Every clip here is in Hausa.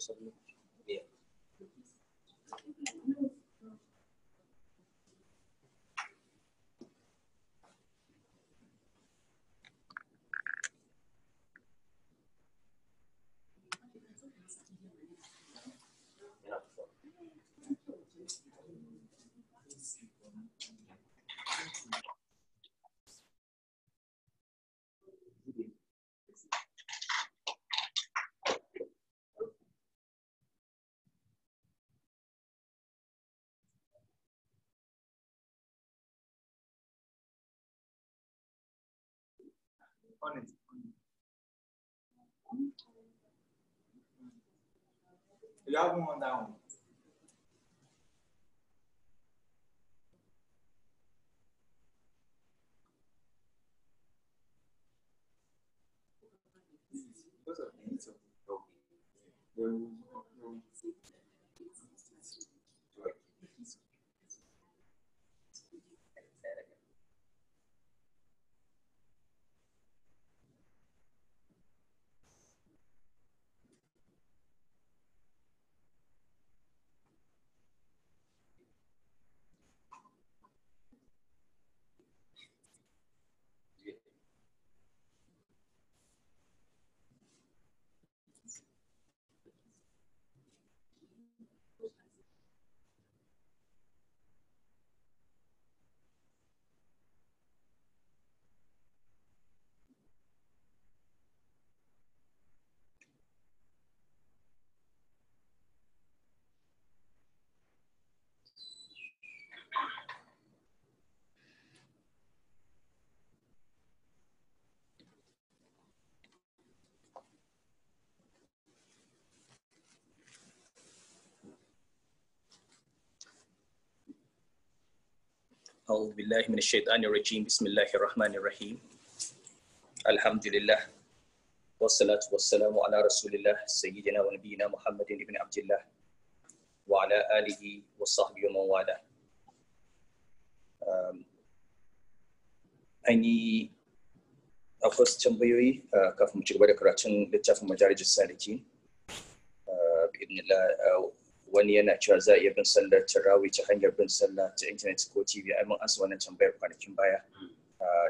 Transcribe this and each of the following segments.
सब में honest. Ele algum andar um. Eu أعوذ بالله من الشيطان الرجيم بسم الله الرحمن الرحيم الحمد لله والصلاة والسلام على رسول الله سيدنا ونبينا محمد بن عبد الله وعلى آله وصحبه ومن والاه أني أفرس تنبيوي كافم تشكبر كراتون لتافم مجارج السالكين بإذن الله wani yana cewa za a iya bin sallar tarawih ta hanyar bin sallah ta intanet ko tv ai mun ansa wannan tambayar kwanakin baya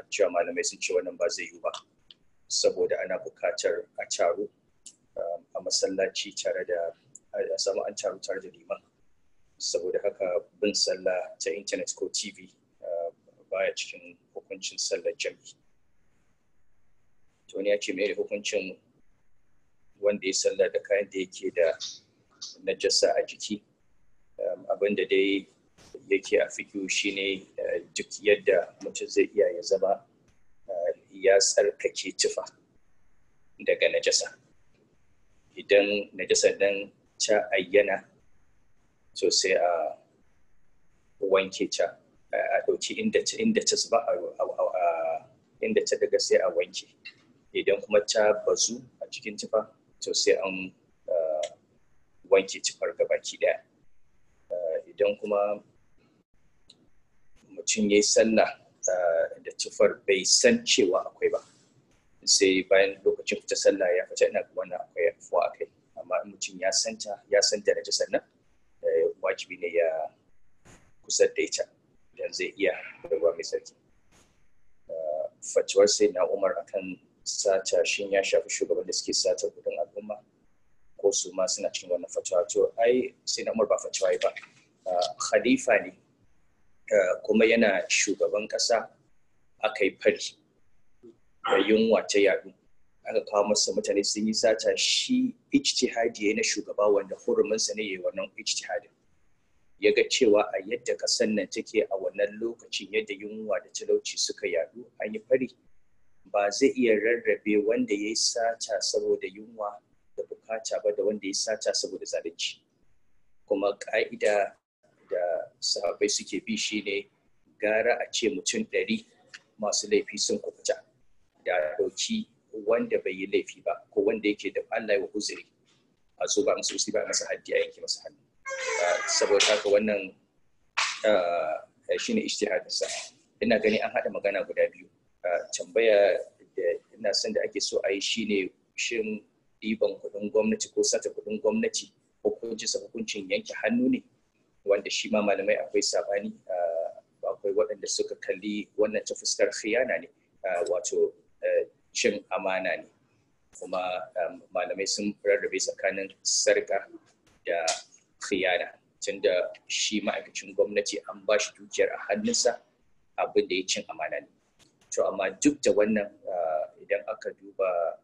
cewa malamai sun ce wannan ba zai yiwu ba saboda ana bukatar a taro a masallaci tare da a samu an taro tare da liman saboda haka bin sallah ta intanet ko tv baya cikin hukuncin sallar jami'i to ne ya ce mai hukuncin wanda ya sallah da kayan da yake da najasa a jiki um, abin da dai yake a fikiyu shine uh, duk yadda mutum zai iya ya zama uh, ya tsarkake tufa daga najasa idan najasa dan ta ayyana to sai a wanke ta a ɗauki inda ta zuba inda ta daga sai a wanke idan kuma ta bazu a cikin tufa to sai an wanke cifar gabaki daya eh, idan kuma mutum ya yi sallah eh, da cifar bai san cewa akwai ba sai bayan lokacin fita sallah ya fita ina wannan akwai afuwa a amma mutum ya santa ya san da naji sannan eh, wajibi ne ya kusa da ita idan zai iya rubuwa mai sarki fatuwar sai na umar akan sata shin ya shafi shugaban da suke sata kudin al'umma ko su ma suna cikin wannan fatawa to ai sai na umar ba fatawa ba ah, khalifa ne ah, kuma yana shugaban kasa aka yi fari da yunwa ta yadu aka kawo masa mutane sun yi sata shi ijtihadi na shugaba wanda huruminsa ne ya yi wannan ijtihadin ya ga cewa a yadda kasan nan take a wannan lokacin yadda yunwa da talauci suka yadu an yi fari ba zai iya rarrabe wanda ya yi sata saboda yunwa faca ba da wanda ya sata saboda zalunci kuma ka'ida da sahabbai suke bi shi ne, gara a ce mutum ɗari masu laifi sun kubuta da ɗauki wanda bai yi laifi ba ko wanda yake da Allah ya uzuri a zo ba musu ba masa haddi a yanke masa hannu ah, saboda haka wannan ah, shine ijtihadin sa ina gani an haɗa magana guda biyu ah, tambaya da ina son da ake so a yi shi ne shin ɗiban kuɗin gwamnati ko sata kuɗin gwamnati hukuncinsa hukuncin yanke hannu ne wanda shi ma malamai akwai sabani ah, akwai waɗanda suka kalli wannan ta fuskar khiyana ne ah, wato eh, cin amana ne kuma ah, malamai sun rarrabe tsakanin sarka da khiyana tunda shi ma'aikacin gwamnati an ba shi dukiyar a hannunsa abin da ya cin amana ne to amma duk da wannan idan aka duba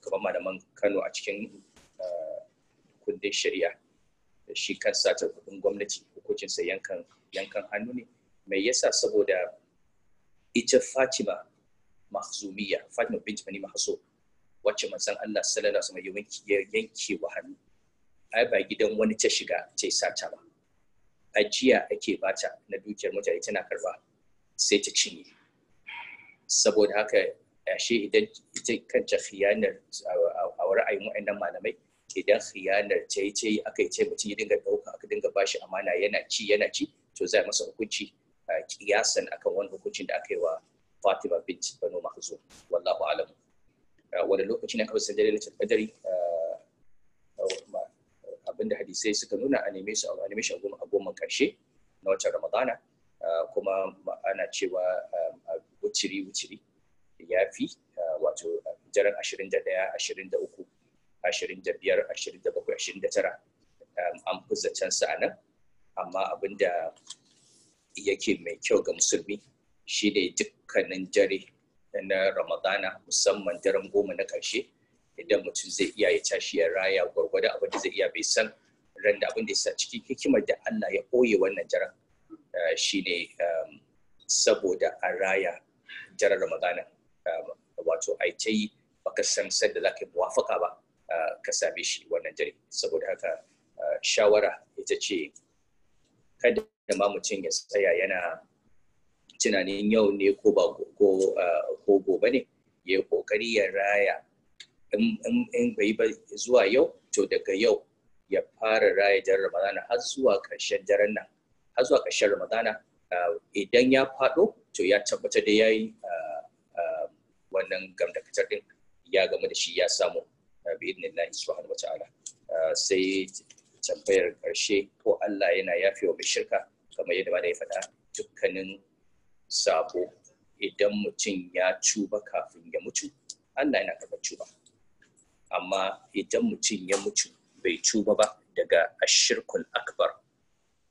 kamar malaman kano a cikin eh, kundin shari'a shi kan sata kudin gwamnati sa yankan yankan hannu ne mai yasa saboda ita fatima mahzumiya fatima bint mani mahzum wacce manzon Allah sallallahu alaihi wasallam ya yanke wa hannu ai ba gidan wani ta shiga ta sata ba ajiya ake bata na dukiyar mutane tana karba sai ta cinye saboda haka ashe idan ita kanta khiyanar a ra'ayin wa'annan malamai idan khiyanar ta ce aka ce mutum ya dinga ɗauka aka dinga bashi amana yana ci yana ci to zai masa hukunci kiyasan akan wani hukuncin da aka yi wa Fatima bint Banu Mahzum wallahu alam wani lokaci na kawai sajadar da kadari abinda hadisai suka nuna a neme su a neme shi a goma karshe na watan Ramadana kuma ana cewa wuciri wuciri ya fi wato daren 21 23 25 27 29 an fi zaton sa a nan amma abin da yake mai kyau ga musulmi shi ne dukkanin dare na ramadana musamman daren goma na ƙarshe idan mutum zai iya ya tashi ya raya gwargwada abin da zai iya bai san ran da abin da ya cikin hikimar da Allah ya ɓoye wannan uh, shi ne um, saboda a raya jarar ramadana Um, wato a ta yi baka san sadda za ka yi muwafaka ba uh, ka same shi wannan dare saboda haka uh, shawara ita ce kada ma mutum ya tsaya yana tunanin yau ne ko ba uh, ko gobe ne ya yi kokari ya raya in bai ba zuwa yau to daga yau ya fara raya jan ramadana har zuwa ƙarshen daren nan har zuwa ƙarshen ramadana idan ya faɗo to ya tabbatar da ya yi wannan gamdakatar din ya game da shi ya samu eh, bi idnillahi subhanahu ta'ala eh, sai tambayar karshe ko Allah yana yafe wa mai shirka kamar yadda ba da ya faɗa dukkanin sabo idan mutum ya cuba kafin ya mutu Allah yana karɓar cuba amma idan mutum ya mutu bai cuba ba daga ashirkul akbar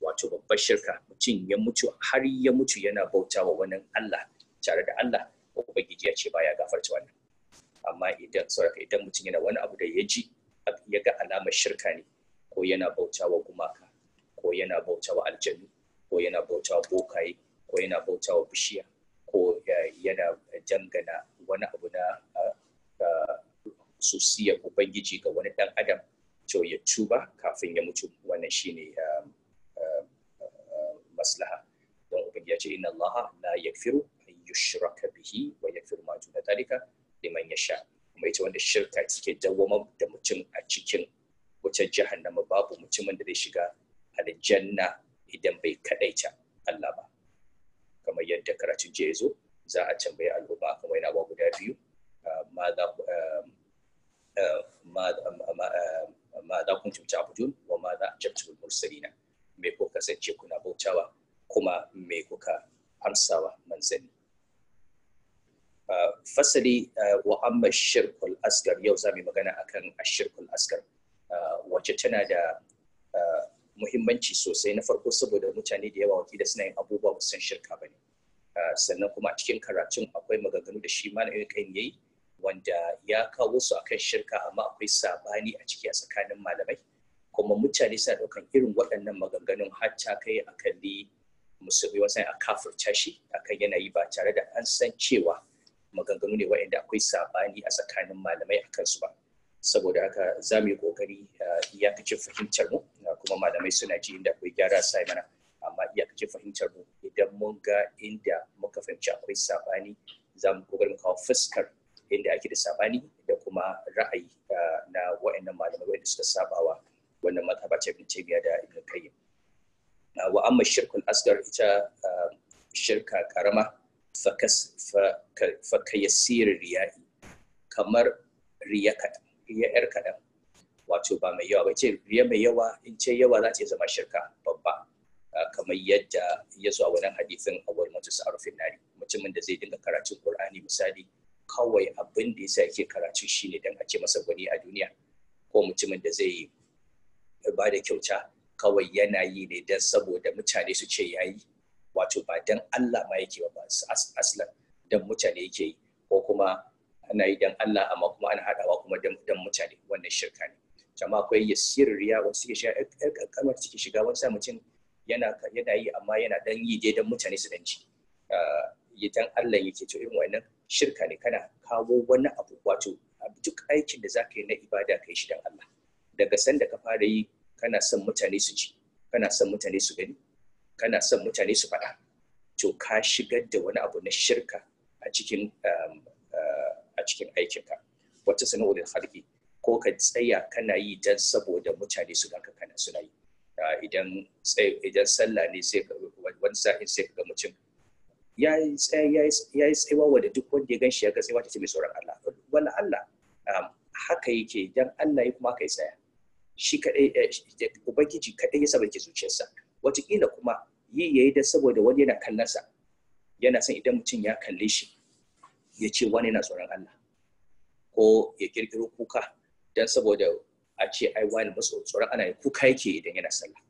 wato babbar shirka mutum ya mutu har ya mutu yana bauta wa wani Allah tare da Allah ubangiji ya ce baya gafarta wannan amma idan idan mutum yana wani abu da ya ji ya ga alamar shirka ne ko yana bauta wa gumaka ko yana bautawa aljanu ko yana bautawa bokaye ko yana bautawa bishiya ko yana dangana wani abu na susiyar ubangiji ga wani dan adam to ya tuba kafin ya mutu wannan shine um, um, um, maslaha don ubangiji ya ce inna allaha la yakfiru yushraka bihi wa yakfir ma duna dalika liman yasha kuma ita wanda shirka take dawwama da mutum a cikin wata jahannama babu mutumin da zai shiga aljanna idan bai kadaita Allah ba kamar yadda karatun je zo za a tambayi al'umma akan ina ba guda biyu wa ma za وماذا أجبتم المرسلين me kuka kasance kuna bautawa kuma me kuka amsawa manzanni Uh, fasali uh, wa amma shirkul askar yau za mu magana akan ashirkul askar uh, wacce tana da muhimmanci sosai na farko saboda mutane da yawa wakilai suna yin abubuwa ba san shirka ba ne sannan kuma a cikin karatun akwai maganganu da shi ma na kan yayi wanda ya kawo su akan shirka amma akwai sabani a ciki a tsakanin malamai kuma mutane suna ɗaukan irin waɗannan maganganun har ta kai akalli kalli musulmi wasan a kafir shi akan yanayi ba tare da an san cewa maganganu ne wa'inda akwai sabani a tsakanin malamai a kansu ba saboda haka za mu yi kokari eh, iyakacin fahimtar mu eh, kuma malamai suna ji inda akwai gyara sai mana amma iyakacin fahimtar mu idan mun ga inda muka fahimci akwai sabani za mu kokarin kawo fuskar inda ake da sabani da kuma ra'ayi eh, na wa'annan malamai wanda suka sabawa wannan mazhaba ta bin cibiya da ibn kayyim ah, wa amma shirkul asgar ita shirka karama fakayassir riya'i kamar riya kaɗan riya yar kaɗan wato ba mai yawa ba ce riya mai yawa in ce yawa za ta zama shirka babba kamar yadda ya zo a wannan hadithin a wani mutu sa'arufin nari mutumin da zai dinga karatun qur'ani misali kawai abin da yasa yake karatu shine dan a ce masa gwani a duniya ko mutumin da zai ba da kyauta kawai yana yi ne dan saboda mutane su ce yayi wato ba dan Allah ma yake ba aslan dan mutane yake yi ko kuma ana yi dan Allah amma kuma ana hadawa kuma dan mutane wannan shirka ne jama'a akwai yasirin riya wasu suke shiga yar kalmar suke shiga wani sa mutum yana yana yi amma yana dan yi dai dan mutane su dan ci ah, yi dan Allah yake to irin wannan shirka ne kana kawo wani abu wato duk aikin da zaka yi na ibada kai shi dan Allah daga sanda ka fara yi kana son mutane su ci kana son mutane su gani kana son mutane su faɗa to ka shigar da wani abu na shirka a cikin um, uh, a cikin aikinka wata sana'o'in harbi ko ka tsaya kana yi don saboda mutane su ganka kana suna yi uh, idan idan sallah ne sai ka wani sa'in sai ka ga mutum ya yi tsayawa wanda duk wanda ya gan shi ya ga tsayawa ta ce mai tsoron Allah wala Allah um, haka yake dan Allah ya kuma kai tsaya shi kadai eh, ubangiji kadai ya saba ke zuciyarsa watakila kuma yi yayi da saboda wani yana kallonsa yana son idan mutum ya kalle shi ya ce wani yana tsoron Allah ko ya kirkiro kuka don saboda a ce ai wani maso tsoron ana ya kuka yake idan yana sallah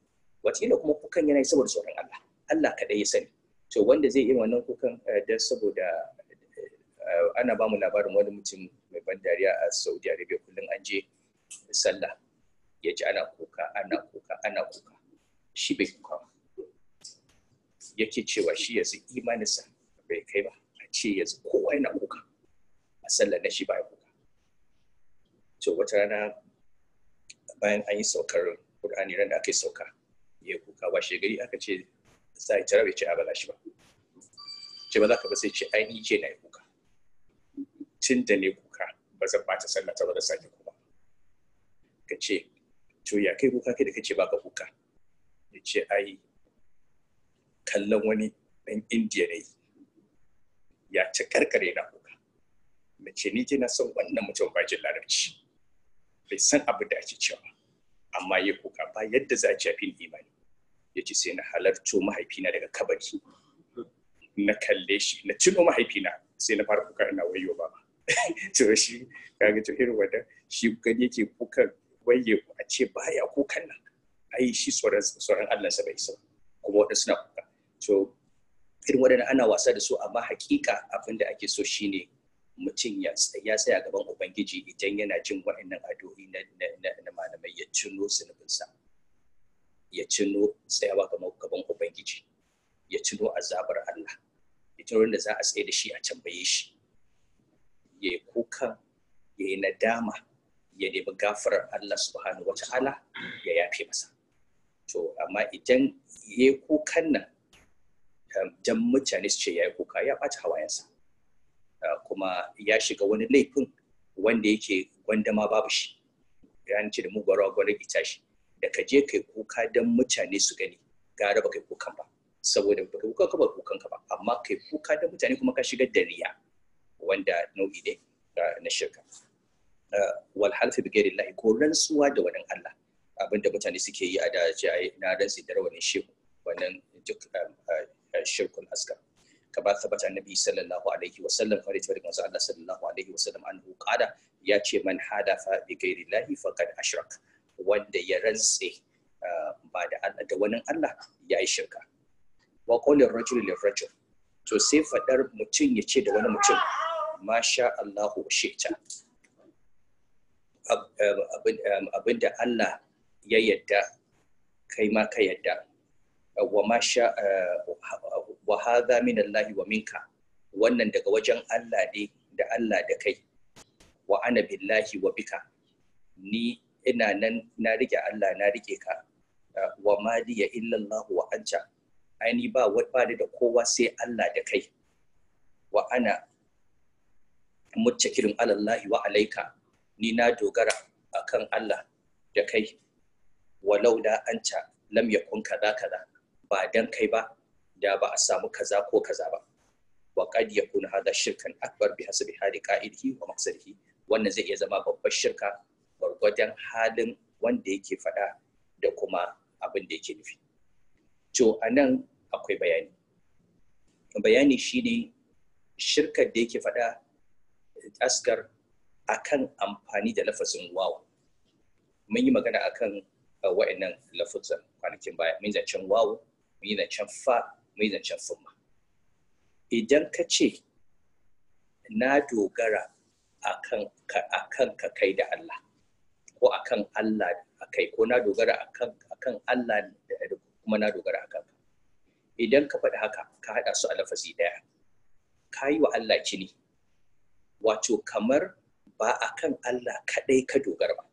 watakila kuma kukan yana yi saboda tsoron Allah Allah kaɗai ya sani to wanda zai yi wannan kukan eh, don saboda eh, ana ba mu labarin wani mutum mai ban dariya a Saudi Arabia kullum an je sallah ya ji ana kuka ana kuka ana kuka shi bai kuma yake cewa shi yanzu imaninsa bai kai ba a ce yanzu kowa yana kuka a sallar na shi ba ya kuka to wata rana bayan an yi saukar Qur'ani ran da aka yi sauka ya kuka washe gari aka ce za a tarabe ce a bala shi ba ce ba za ka ba sai ce ainihi ce na yi kuka tun da ne kuka ba zan ba ta ta ba da sake kuma ka ce to ya kai kuka kai da ba baka kuka ya ce ai kallon wani ɗan indiya ne ya ci karkare na kuka na ce ni na son wannan mutum ba jin larabci bai san abu da ake cewa amma ya kuka ba yadda za a ci afin imani ya ce sai na halarto mahaifina daga kabari na kalle shi na cino mahaifina sai na fara kuka ina wayo ba to shi kaga to irin wanda shi gani yake kuka waye a ce baya kukan nan ai shi tsoron Allah sa bai isa kuma waɗansu suna kuka to irin waɗanda ana wasa da su amma hakika abin da ake so shine mutum ya tsaya gaban ubangiji idan yana jin waɗannan addu'o'i na malamai ya cino zunubinsa ya cino tsayawa gaban ubangiji ya cino azabar Allah ya cino da za a tsaye da shi a tambaye shi ya yi kuka ya yi nadama ya nemi gafarar Allah subhanahu wa ta'ala ya yafe masa To amma idan ya yi kukan nan jan um, mutane su ce ya yi kuka ya ɓata hawayensa uh, kuma ya shiga wani laifin wanda yake gwandama babu shi ya ce da mu gwara gwara ita shi da ka je kai kuka dan mutane su gani gara ba kai kukan ba saboda ba kuka ka ba kukan ka ba amma kai kuka dan mutane kuma ka shiga da riya wanda nau'i ne uh, na shirka uh, wal bigirin bi ko rantsuwa da wani Allah abinda mutane suke yi a da na rantsi da rawanin shehu wannan duk um, uh, uh, shirkun ba ka bata annabi sallallahu alaihi wa sallam kare ta daga manzo Allah sallallahu alaihi wa sallam anhu qala ya ce man hadafa bi ghairi llahi faqad ashrak wanda ya rantse uh, ba da Allah da wani Allah ya yi shirka wa qawli rajul li rajul to sai fadar mutum ya ce da wani mutum masha Allahu Abin um, abinda Allah ya yadda kai ma ka yadda wa ma sha eh, wa hadha min Allah wa minka wannan daga wajen Allah ne da Allah da kai wa ana billahi wa bika ni ina nan na rike Allah na rike ka wa ma liya illa Allah wa anta aini ba ba da kowa sai Allah da kai wa ana muttakirin alallahi wa alaika ni na dogara akan Allah da kai Walau walaula ca lam kun kaza kaza ba dan kai ba da ba a samu kaza ko kaza ba wa qad yakun hada shirkan akbar bi hasbi hali qa'idihi wa maqsadihi wannan zai iya zama babbar shirka gwargwadon halin wanda yake faɗa da kuma abin da yake nufi to anan akwai bayani bayani shine shirkar da yake faɗa askar akan amfani da lafazin wawa mun yi magana akan wa'annan lafuzan kwanakin baya mun zancen wawo, mun zancen fa mun zancen summa idan ka ce na dogara a kan ka kai da Allah ko a kan Allah a kai ko na dogara a kan Allah da kuma na dogara a kan idan ka faɗi haka ka haɗa su a lafazi ɗaya ka yi wa Allah kini wato kamar ba a kan Allah kaɗai ka dogara ba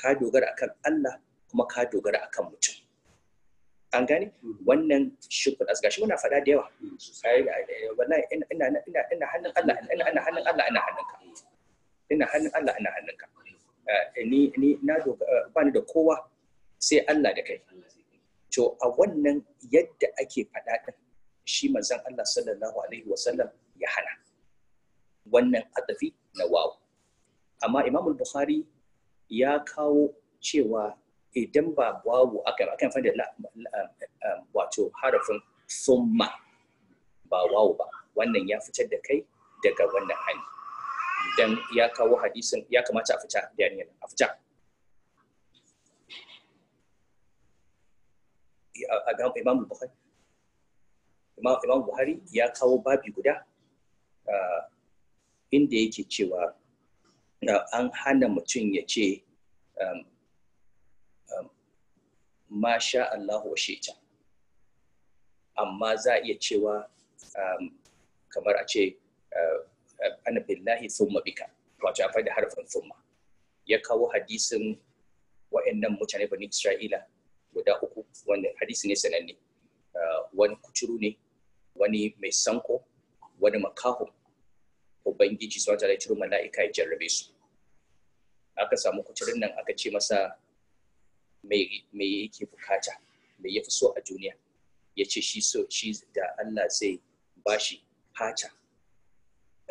ka dogara a kan Allah kuma ka dogara akan mutum an gane wannan shukur asga shi muna faɗa da yawa ina hannun Allah ina hannun ka ina hannun Allah ina hannun ka eh, ni ni na dogara eh, da kowa sai Allah da kai to a wannan yadda ake faɗa din shi manzon Allah sallallahu alaihi wasallam ya hana wannan adafi na wawo amma imamul Bukhari ya kawo cewa idan ba wawu aka akan fadin um, wato harafin summa ba wawu ba wannan ya fitar da kai daga wannan hali idan ya kawo hadisin ya kamata a fita da yanayi a fita imam imam buhari ya kawo babi guda uh, inda yake cewa uh, an hana mutum ya ce um, Masha Allah Allahu wa shaita amma za a iya cewa um, kamar a ce uh, ana billahi thumma bika wato a faɗi harfin thumma ya kawo hadisin wa'annan mutane bani Isra'ila guda uku wanda hadisi ne sananne uh, wani kuturu ne wani mai sanko wani makaho ubangiji sun ta ciro mala'ika ya jarrabe su aka samu kuturin nan aka ce masa me yake bukata me fi so a duniya ya ce shi so shi da Allah zai bashi fata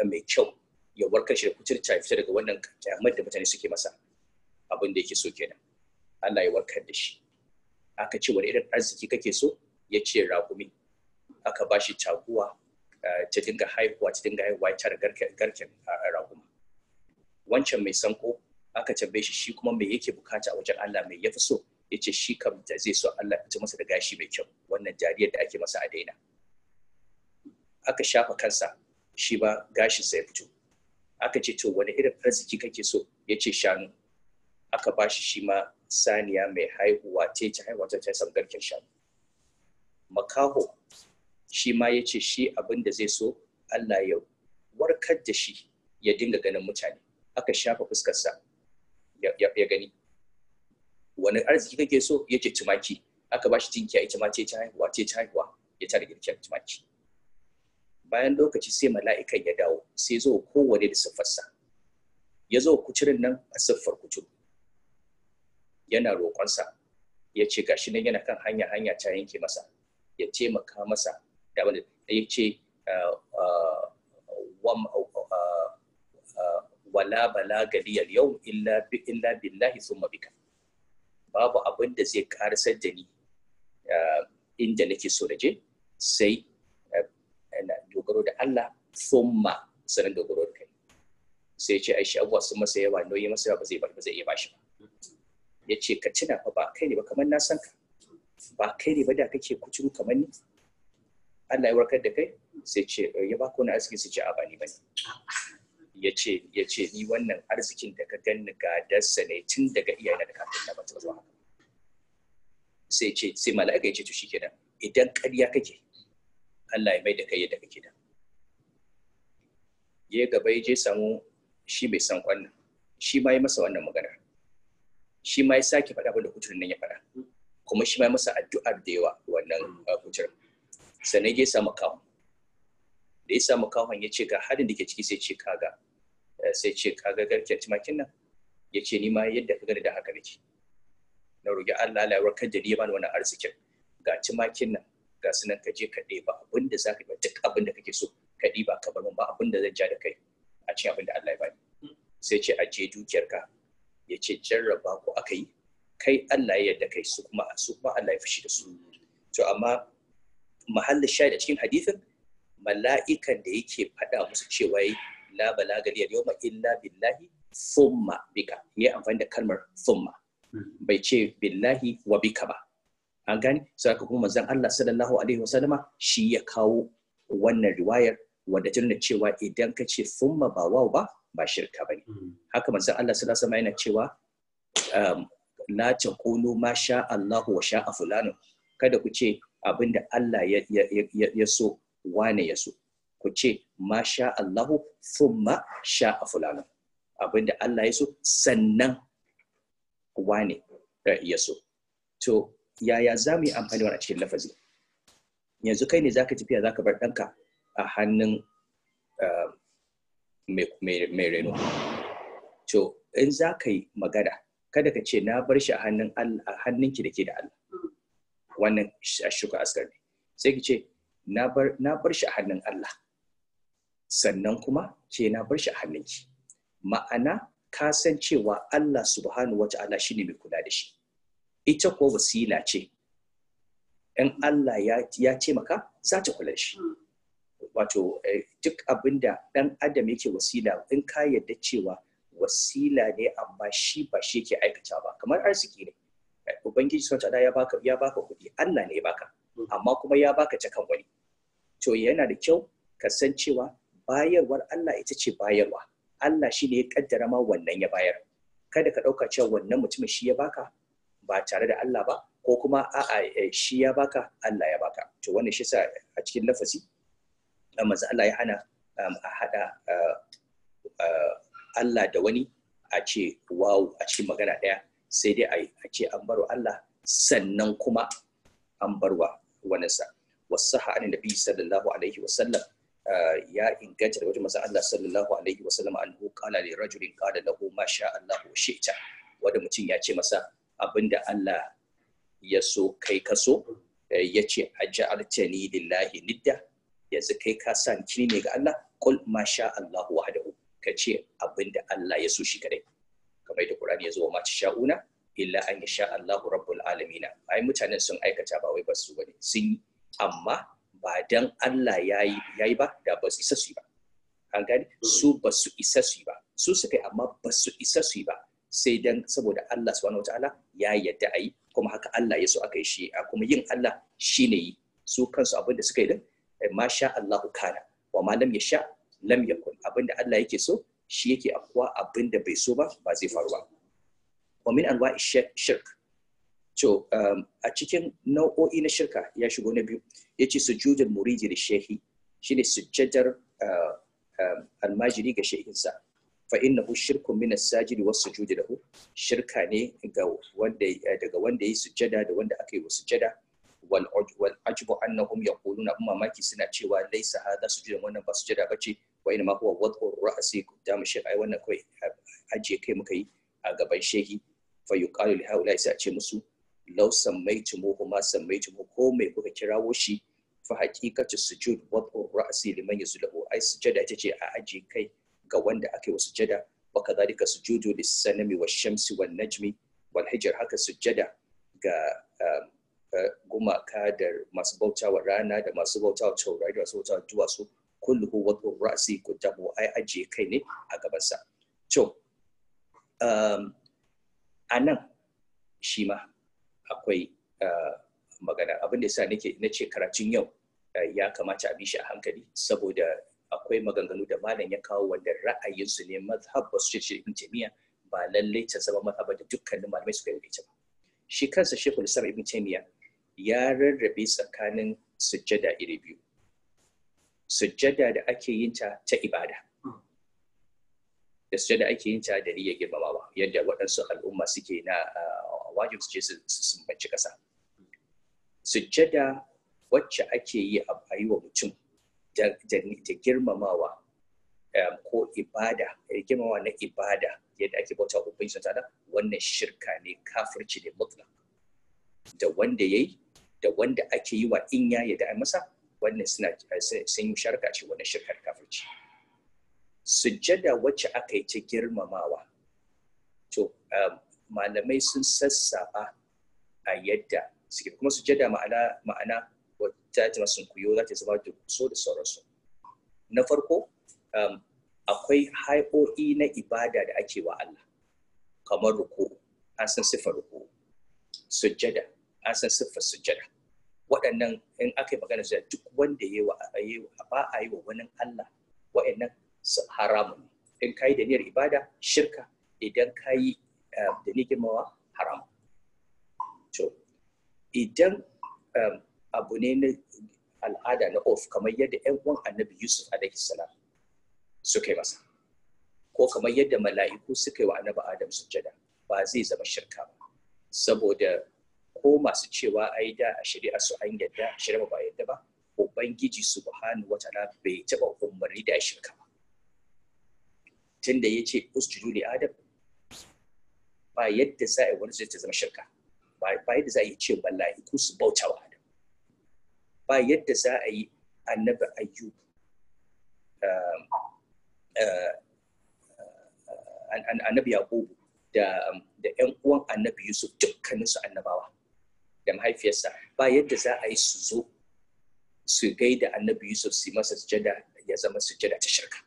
mai kyau ya warkar shi da kuturta ta fita daga wannan kyamar da mutane suke masa abin da yake so kenan Allah ya warkar da shi aka ce wani irin arziki kake so ya ce rakumi. aka bashi taguwa eh, ta dinga haihuwa ta dinga haihuwa ta garken ah, rakumi. wancan mai sanko aka tambaye shi shi kuma me yake bukata a wajen Allah mai yafi so yace shi kam zai so Allah ya masa da gashi mai kyau wannan jariyar da ake masa a daina aka shafa kansa shi ba gashin sa ya fito aka ce to wani irin arziki kake so yace shanu aka bashi shi ma saniya mai haihuwa ce ta haihuwa ta san garken shanu makaho shi ma ya shi abin da zai so Allah ya warkar da shi ya dinga ganin mutane aka shafa fuskarsa ya gani wani arziki kake so ya ce tumaki aka bashi tinkiya ita ma ce ta haihuwa ce ta haihuwa ya tare girkin tumaki bayan lokaci sai mala'ikan ya dawo sai zo kowane da siffarsa ya zo kucirin nan a siffar kuturu. yana roƙonsa ya ce gashi nan yana kan hanya hanya ta yanke masa ya taimaka masa da wanda ya ce ah, ah, wala balaga liyal yau illa illa billahi summa bika babu abin da zai karisar da ni inda nake so da je sai dogaro da Allah summa sanin dogaro da kai sai ce ai abuwa sun masa yawa yi masa yawa ba zai ba zai iya bashi ba ya ce ka tuna fa ba kai ne ba kamar na san ka ba kai ne ba da kake kucin kamar ni Allah ya warkar da kai sai ce ya ba ku na aski su ce a ba ni ba ne ya ce ni wannan arzikin da ka ganni gadarsa ne tun daga iyayen da kafin na bata zuwa sai ce sai mala'ika ya ce to shikenan idan ƙarya kake Allah ya mai da kai yadda kake da ya gaba ya je samu shi mai san kwannan shi ma ya masa wannan magana shi ma ya sake faɗa abin da kuturin nan ya faɗa kuma shi ma ya masa addu'ar da yawa wannan uh, kuturin sannan ya samu kawo da ya samu kawon ya ce ga halin da ke ciki sai ce kaga eh, sai ce kaga garken tumakin nan ya ce ni ma yadda ka gani da haka nake na roƙi Allah Allah ya warkar da ni bani wannan arzikin ga tumakin nan ga su nan ka je ka ɗeba abin da za ka yi duk abin da kake so ka ba ka bar ba abin da zan ja da kai a cikin abin da Allah ya bani sai ce aje dukiyarka ya ce jarraba ku aka yi kai Allah ya yarda kai su kuma su kuma Allah ya fushi da su to amma mahallin shayi a cikin hadisin mala'ikan da yake faɗa musu cewa la balaga liyal yawma illa billahi thumma bika ya amfani da kalmar thumma hmm. bai ce billahi wa bika ba an gani sai aka kuma manzon Allah sallallahu alaihi wasallama shi ya kawo wannan riwayar wanda ta nuna cewa idan ka ce thumma ba wa ba ba shirka bane hmm. haka manzon Allah sallallahu alaihi wasallama yana cewa la kunu ma sha Allahu wa sha'a fulanu kada ku ce abinda Allah ya so wane ya so ku ce masha Allahu thumma sha a fulana abinda Allah ya so sannan wane ya so to yaya za mu amfani wani a cikin lafazi yanzu kai ne za tafiya za bar ɗanka a hannun eh, mai reno to in za ka yi magana kada ka ce na bar shi a hannunki da ke da Allah wannan shuka askar ne sai ki ce na bar shi a hannun Allah sannan kuma ce na bar shi a hannun ki. ma'ana ka san cewa Allah subhanahu wa ta'ala shine mai kula da shi ita ko wasila ce in Allah ya ce maka za ta kula shi hmm. wato eh, duk abinda ɗan adam yake wasila in ka yarda cewa wasila ne amma shi ba shi yake aikata ba kamar arziki ne ubangiji sun ya baka ya baka kuɗi Allah ne ya baka hmm. amma kuma ya baka cakan wani to yana da kyau ka san cewa bayarwar Allah ita ce bayarwa Allah shi ne ya kaddara ma wannan ya bayar kada ka ɗauka cewa wannan mutumin shi ya baka ba tare da Allah ba ko kuma a'a eh, shi ya baka Allah ya baka to wannan shi sa a cikin lafazi eh, manzo Allah ya hana um, a hada eh, Allah da wani a ce wawu a cikin magana ɗaya sai dai a ce an baro Allah sannan kuma an barwa sa wasaha an nabi sallallahu alaihi wasallam uh, ya inganta da wajen masa Allah sallallahu alaihi wasallam an hu qala li rajulin qala lahu ma sha Allah wa shi'ta wanda mutum ya ce masa abinda Allah ya so kai ka so eh, ya ce ni lillahi nidda yanzu kai ka sa kini ne ga Allah qul ma sha Allah wahdahu ka ce abinda Allah ya so shi kadai kamar yadda Qur'ani ya zo ma ci sha'una illa an sha Allahu rabbul alamina ai mutanen sun aikata ba wai ba su bane sun amma ba dan Allah ya yi ba da ba su isa su ba an gani mm. su ba su isa su ba su su kai amma ba isa su ba sai dan saboda Allah subhanahu wataala ya yadda a kuma haka Allah ya so aka yi shi kuma yin Allah shine yi su kansu abin da suka yi din eh, ma sha Allahu kana wa ma lam yasha lam yakun abin da Allah yake so shi yake akwa abin da bai so ba ba zai faru ba wa min anwa'i shirk to um, a cikin nau'o'i na shirka ya shigo na biyu ya ce sujudul muriji da shehi shi shine sujjadar uh, um, almajiri ga shehinsa fa innahu shirkun min as-sajidi sujudi lahu shirka ne ga wanda uh, daga wanda yi sujada da wanda aka yi wa sujjada wal wal ajbu annahum yaquluna amma maki suna cewa laysa hadha sujudan wannan ba sujjada bace wa inma huwa wad'u ra'si qudam shaykh ai wannan kai uh, aje kai muka yi a gaban shehi fa yuqalu li haula sai a ce musu lau sammaitu mu kuma sammaitu mu ko mai kuka kirawo shi fa haqiqatu sujud wa ra'si liman yasluhu ai sujada ita ce a aji kai ga wanda aka yi wa sujada wa kadhalika sujudu lis-sanami wash-shamsi wan-najmi wal-hijr haka sujada ga um, gumaka da masu bautawa rana da masu bautawa taurari da masu bautawa duwatsu kulluhu wa ra'si kudabu ai aji kai ne a gaban sa to um anan shima. akwai ah, magana abin da yasa nake na ce karatun yau ah, ya kamata a bi shi a hankali saboda akwai maganganu da malam ya kawo wanda ra'ayinsu ne mazhab ba su ce ibn jami'a ba lalle ta zama mazhab da dukkanin malamai suka yi ta ba shi kansa shekul islam ibn taymiya ya rarrabe tsakanin sujjada iri biyu sujjada da ake yin ta ta ibada da ake yin ta da girmamawa yadda waɗansu al'umma suke na ah, wajib su je su sumbanci ƙasa sujada wacce ake yi a yi mutum da girmamawa eh, ko ibada ya eh, girmamawa na ibada yadda ake bauta ubangiji ta'ala wannan shirka ne kafirci ne mutlak da wanda yayi da wanda ake yi wa in ya da masa wannan eh, sun yi sharka ce wannan shirkar kafirci sujjada wacce aka yi ta girmamawa to um, malamai sun sassafa a yadda suke kuma sujjada ma'ana wata ta sun kuyo za ta zama so da sauransu na farko um, akwai haƙoƙi na ibada da ake wa Allah kamar ruku an san siffar ruku sujjada an san siffar sujjada waɗannan in aka yi magana sujjada duk wanda ya yi wa ba a yi wa wani Allah waɗannan haramun in ka yi da niyyar ibada shirka idan ka eh, da ni girmawa haram to idan eh, abu ne na al'ada na of kamar yadda yan uwan annabi yusuf alaihi salam suka yi masa ko kamar yadda mala'iku suka yi wa annabi adam sujada ba zai zama shirka ba saboda ko masu cewa ai da a shari'a su an yadda a shari'a ba yadda ba ubangiji subhanahu wataala bai taba umarni da shirka ba tunda ya ce usjudu li adam ba yadda za a yi wani zai ta zama shirka ba yadda za a yi ce mala'iku su bauta wa adam ba yadda za a yi annabi ayyub um, uh, uh, uh, annabi yaqubu da um, da yan uwan annabi yusuf dukkanin su annabawa da mahaifiyarsa ba yadda za a yi su zo su gaida annabi yusuf su yi masa sujada ya zama sujada ta shirka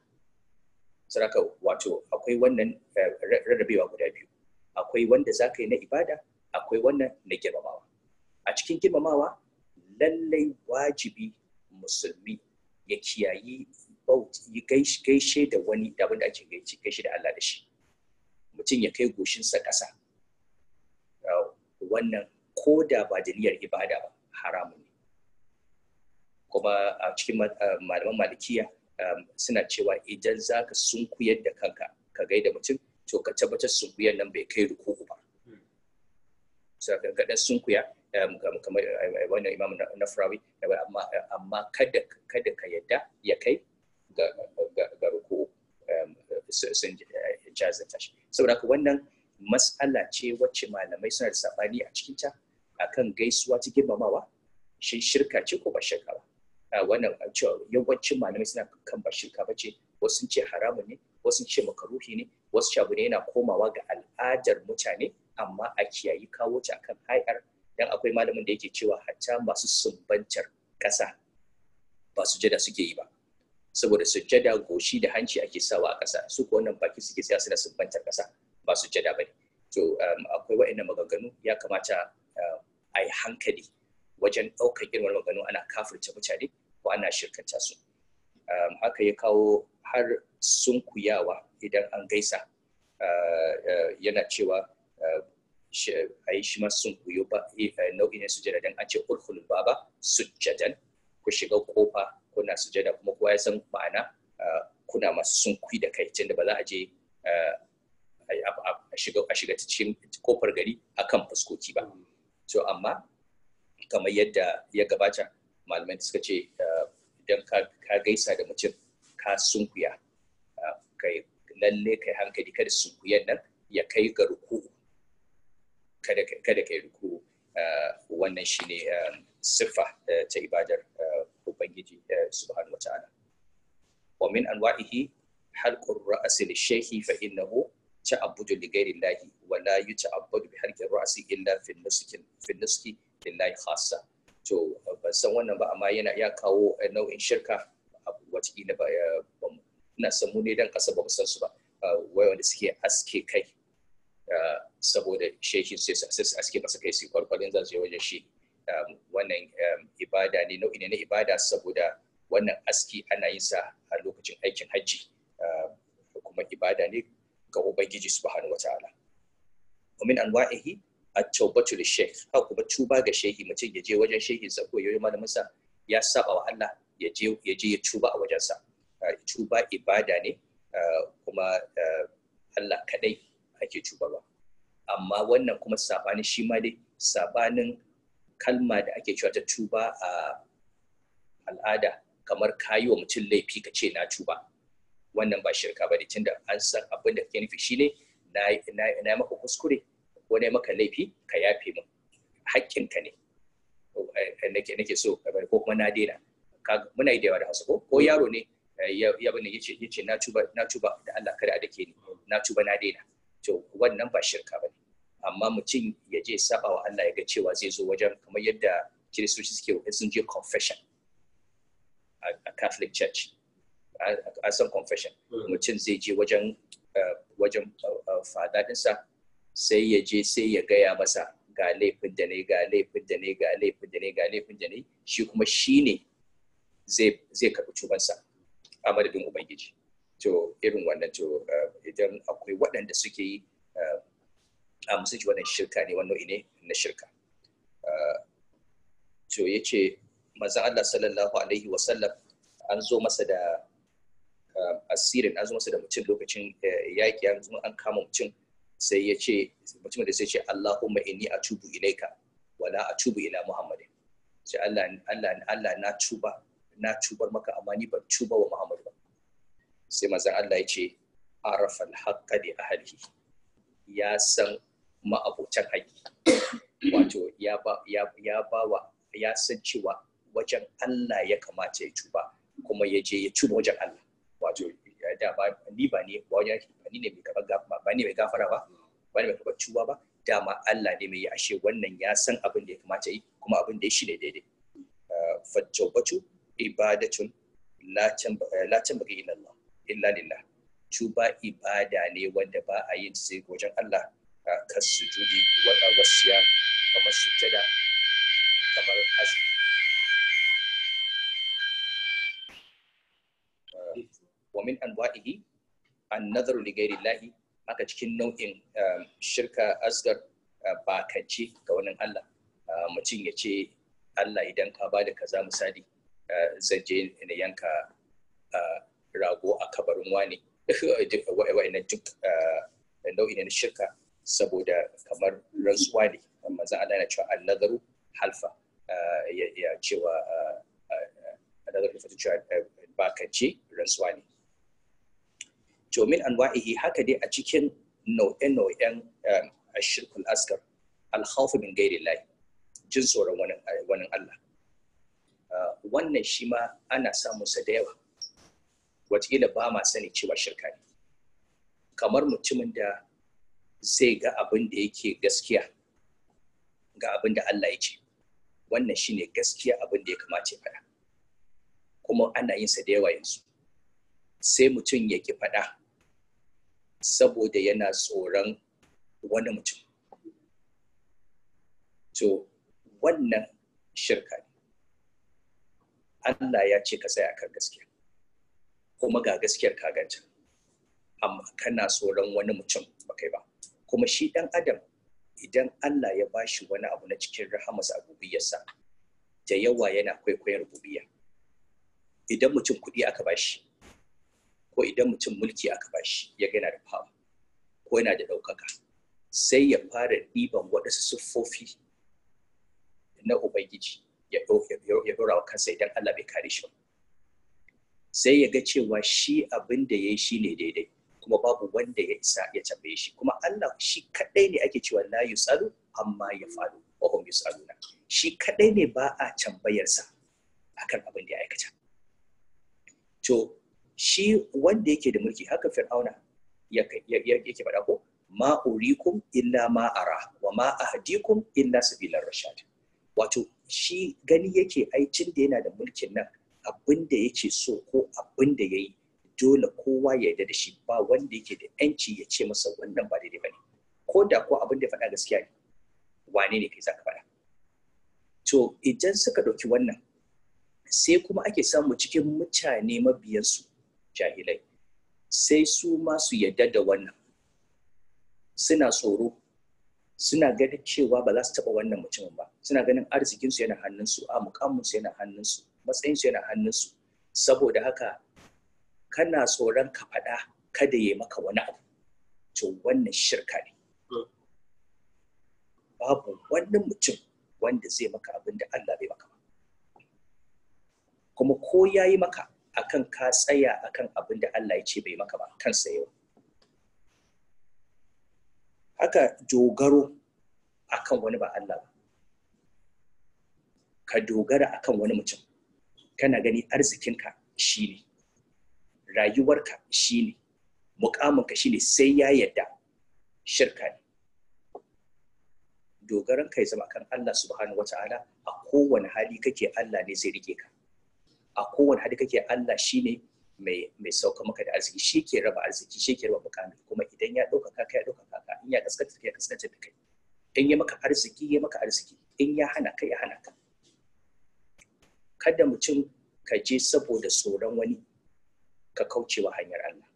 saraka wato akwai wannan eh, rarrabewa guda biyu akwai wanda za ka yi na ibada akwai wannan na girmamawa a cikin girmamawa lallai wajibi musulmi ya kiyayi ya gaishe da wani da abin da ake gaishe da Allah da shi mutum ya kai goshinsa ƙasa wannan ko da ba da niyyar ibada ba haramun ne kuma a cikin eh, malaman malikiya Um, suna cewa idan za ka sunkuyar da kanka ka gai da mutum to ka tabbatar sunkuyar nan bai kai rukuku ba saka ka dan sunkuya um, kamar wannan imam na farawi amma kada ka yadda ya kai ga rukuku um, sun jazanta shi saboda ka wannan matsala ce wacce malamai suna da sabani a cikinta akan gaisuwa ta girmamawa shin shirka ce ko ba shirka ba wannan yawancin malamai suna kan ba shirka ba ce wasu ce haramun ne wasu ce makaruhi ne wasu shabu ne yana komawa ga al'adar mutane amma a kiyayi kawo ta kan hayar dan akwai malamin da yake cewa hatta masu sumbantar ƙasa ba sujada suke yi ba saboda sujada goshi da hanci ake sawa a ƙasa su ko wannan baki suke tsaya suna sumbantar kasa ba su jada bane to um, akwai wa'annan maganganu ya kamata um, a yi hankali wajen ɗaukar irin wannan gano ana kafirta mutane ko ana shirkanta su haka ya kawo har sunkuyawa idan an gaisa yana cewa a yi shi ma kuyo ba nau'in su jira. don an ce ulhulul baba jajan, ku shiga kofa kuna jada kuma kowa ya san ma'ana kuna masu sunkui da kai tunda ba za a je a shiga ta cikin kofar gari a kan fuskoki ba mm. to amma kamar yadda ya gabata malamai suka ce eh, idan ka gaisa da mutum ka sunkuya eh, kai lalle kai hankali kada sunkuyan nan ya kai ga ruku kada kai ruku eh, wannan shine siffa ta ibadar ubangiji subhanahu wa ta'ala wa min anwa'ihi halqur ra'si lish fa innahu ta'abbudu li ghairillahi wa la yuta'abbadu bi harkin ra'si illa fil nusuki fil nusuki lillahi khassa to uh, ban san wannan ba amma yana ya kawo uh, nau'in shirka kila uh, ba ina san mu ne dan kasa ba san su ba wai wanda suke aske kai saboda shehi sai su aske masa kai su kwarkwalin za je wajen shi um, wannan um, ibada ne nau'in ne na ibada saboda wannan aski ana yin sa a lokacin aikin hajji kuma ibada ne ga ubangiji subhanahu wataala wa min anwa'ihi at-tawbatu lish-shaykh kuma tuba ga shehi mutum ya je wajen shehin sa ko yi malamin sa ya saba wa Allah ya je ya tuba a wajen sa ah, tuba ibada ne ah, kuma ah, Allah kadai ake tuba ba amma wannan kuma sabanin shi ma dai sabanin kalma da ake cewa ta tuba a al'ada kamar kayo wa mutum laifi ka ce na tuba wannan ba shirka ba ne tunda an san abin da kake nufi ne na maka kuskure ko na yi maka laifi ka yafe min hakkinka ne eh, eh, nake so ko kuma na daina muna yi da yawa da hausa ko yaro ne eh, ya bane ya ce na tuba na tuba da Allah kada a dake ni na tuba na daina to wannan ba shirka ba ne amma mutum ya je saba wa Allah ya ga cewa zai zo wajen kamar yadda kiristoci suke sun je confession a Catholic Church a san confession hmm. mutum zai je wajen eh, wajen eh, fada dinsa sai ya je sai ya gaya masa ga laifin da ne ga laifin da ne ga laifin da ne ga laifin da ne shi kuma shi ne zai karɓi cubansa a madadin ubangiji to irin wannan to eh, idan akwai waɗanda suke yi a musulci wannan shirka ne wannan ne na shirka to ya ce mazan Allah sallallahu alaihi wasallam an zo masa da asirin an zo su da mutum lokacin eh, yaƙi an zo an kama mutum sai ya ce mutum da sai ce Allahumma inni atubu ilaika wala atubu ila Muhammadin sai Allah Allah Allah na tuba na tubar maka amma ni ban tuba wa Muhammad ba sai manzon Allah ya ce arafa al-haqqa li ahlihi ya san ma'abutan haƙi wato ya ba ya ba wa ya san cewa wajen Allah ya kamata ya tuba kuma ya je ya tuba wajen Allah wato eh, da ba ni ba ne ba wajen ba ni ne mai karɓar ba ne mai gafara ba ba ne mai cuba ba dama Allah ne mai yi ashe wannan ya san abin da ya kamata yi kuma abin da ya shi ne daidai eh, fajjabatu ibadatun la tambari eh, ila illa lillah ibada ne wanda ba a yin sai wajen Allah kan sujudi wa wasiya kamar sujada kamar asibiti. wa min anwa'ihi an nazaru li ghairi llahi haka cikin nau'in um, shirka asgar uh, bakance ga wani Allah uh, mutum ya ce Allah idan ka bada kaza misali uh, zan je na yanka rago a kabarin wani wa'annan duk nau'i na shirka saboda kamar rantsuwa ne manzon Allah yana cewa an nazaru halfa ya cewa an-nadharu halfa cewa bakance rantsuwa ne to min anwa'ihi haka dai a cikin nauin nauen um, ashirkul askar alhaufu min gairi lai jin tsoron wani Allah uh, wannan shi ma ana samun sa da yawa wataƙila ba ma sani cewa shirka ne kamar mutumin da zai ga abin da yake gaskiya ga abin da Allah ya ce wannan ne gaskiya abin da ya kamace faɗa kuma ana yin sa da yawa yanzu sai mutum ya ki faɗa saboda yana tsoron wani mutum to wannan shirka ne Allah ya ce ka tsaya kan gaskiya kuma ga gaskiyar ka ganta amma kana tsoron wani mutum ba kai ba kuma shi ɗan adam idan Allah ya ba shi wani abu na cikin rahamas a gubiyarsa, da yawa yana kwaikwayar rububiya idan mutum kuɗi aka ba shi. ko idan mutum mulki aka bashi ya yana da fawa ko yana da ɗaukaka sai ya fara ɗiban waɗansu siffofi na ubangiji ya ɗora wa kansa idan Allah bai kare shi ba sai ya ga cewa shi abin da ya yi shi ne daidai kuma babu wanda ya isa ya tambaye shi kuma Allah shi kadai ne ake cewa la yusalu amma ya faru wa hum na, shi kadai ne ba a tambayarsa akan abin da ya aikata to shi wanda yake da mulki haka fir'auna yake faɗa ko ma urikum illa ma ara wa ma ahdikum illa sabilar rashad wato shi gani yake aicin da yana da mulkin nan abin da yake so ko abin da yayi dole kowa ya yarda da shi ba wanda yake da yanci ya ce masa wannan ba daidai bane ko da ko abin da ya faɗa gaskiya ne wane ne kai zaka faɗa to idan suka ɗauki wannan sai kuma ake samu cikin mutane mabiyansu jahilai sai su ma su yadda da wannan suna tsoro suna ganin cewa ba za su taba wannan mutumin ba suna ganin arzikinsu yana hannunsu a mukaminsu yana hannunsu matsayinsu yana hannunsu saboda haka kana tsoron ka faɗa kada ya maka wani abu to wannan shirka ne babu wani mutum wanda zai maka abin da Allah bai maka ba kuma ko ya yi maka akan ka tsaya akan abin da Allah ya ce bai maka ba kansa yau haka dogaro akan wani ba Allah ba ka dogara akan wani mutum kana gani arzikinka shine rayuwarka shine mukaminka shine sai ya yadda shirka ne dogaran ka ya zama kan Allah subhanahu wataala a kowane hali kake Allah ne zai rike ka a kowane hali kake Allah shine mai mai sauka maka da arziki shi ke raba arziki shi ke raba mukami kuma idan ya ɗauka ka ya ɗauka ka in ya kaskanta ka ya kaskanta da kai in ya maka arziki ya maka arziki in ya hana ka ya hana ka kada mutum ka je saboda tsoron wani ka kaucewa hanyar Allah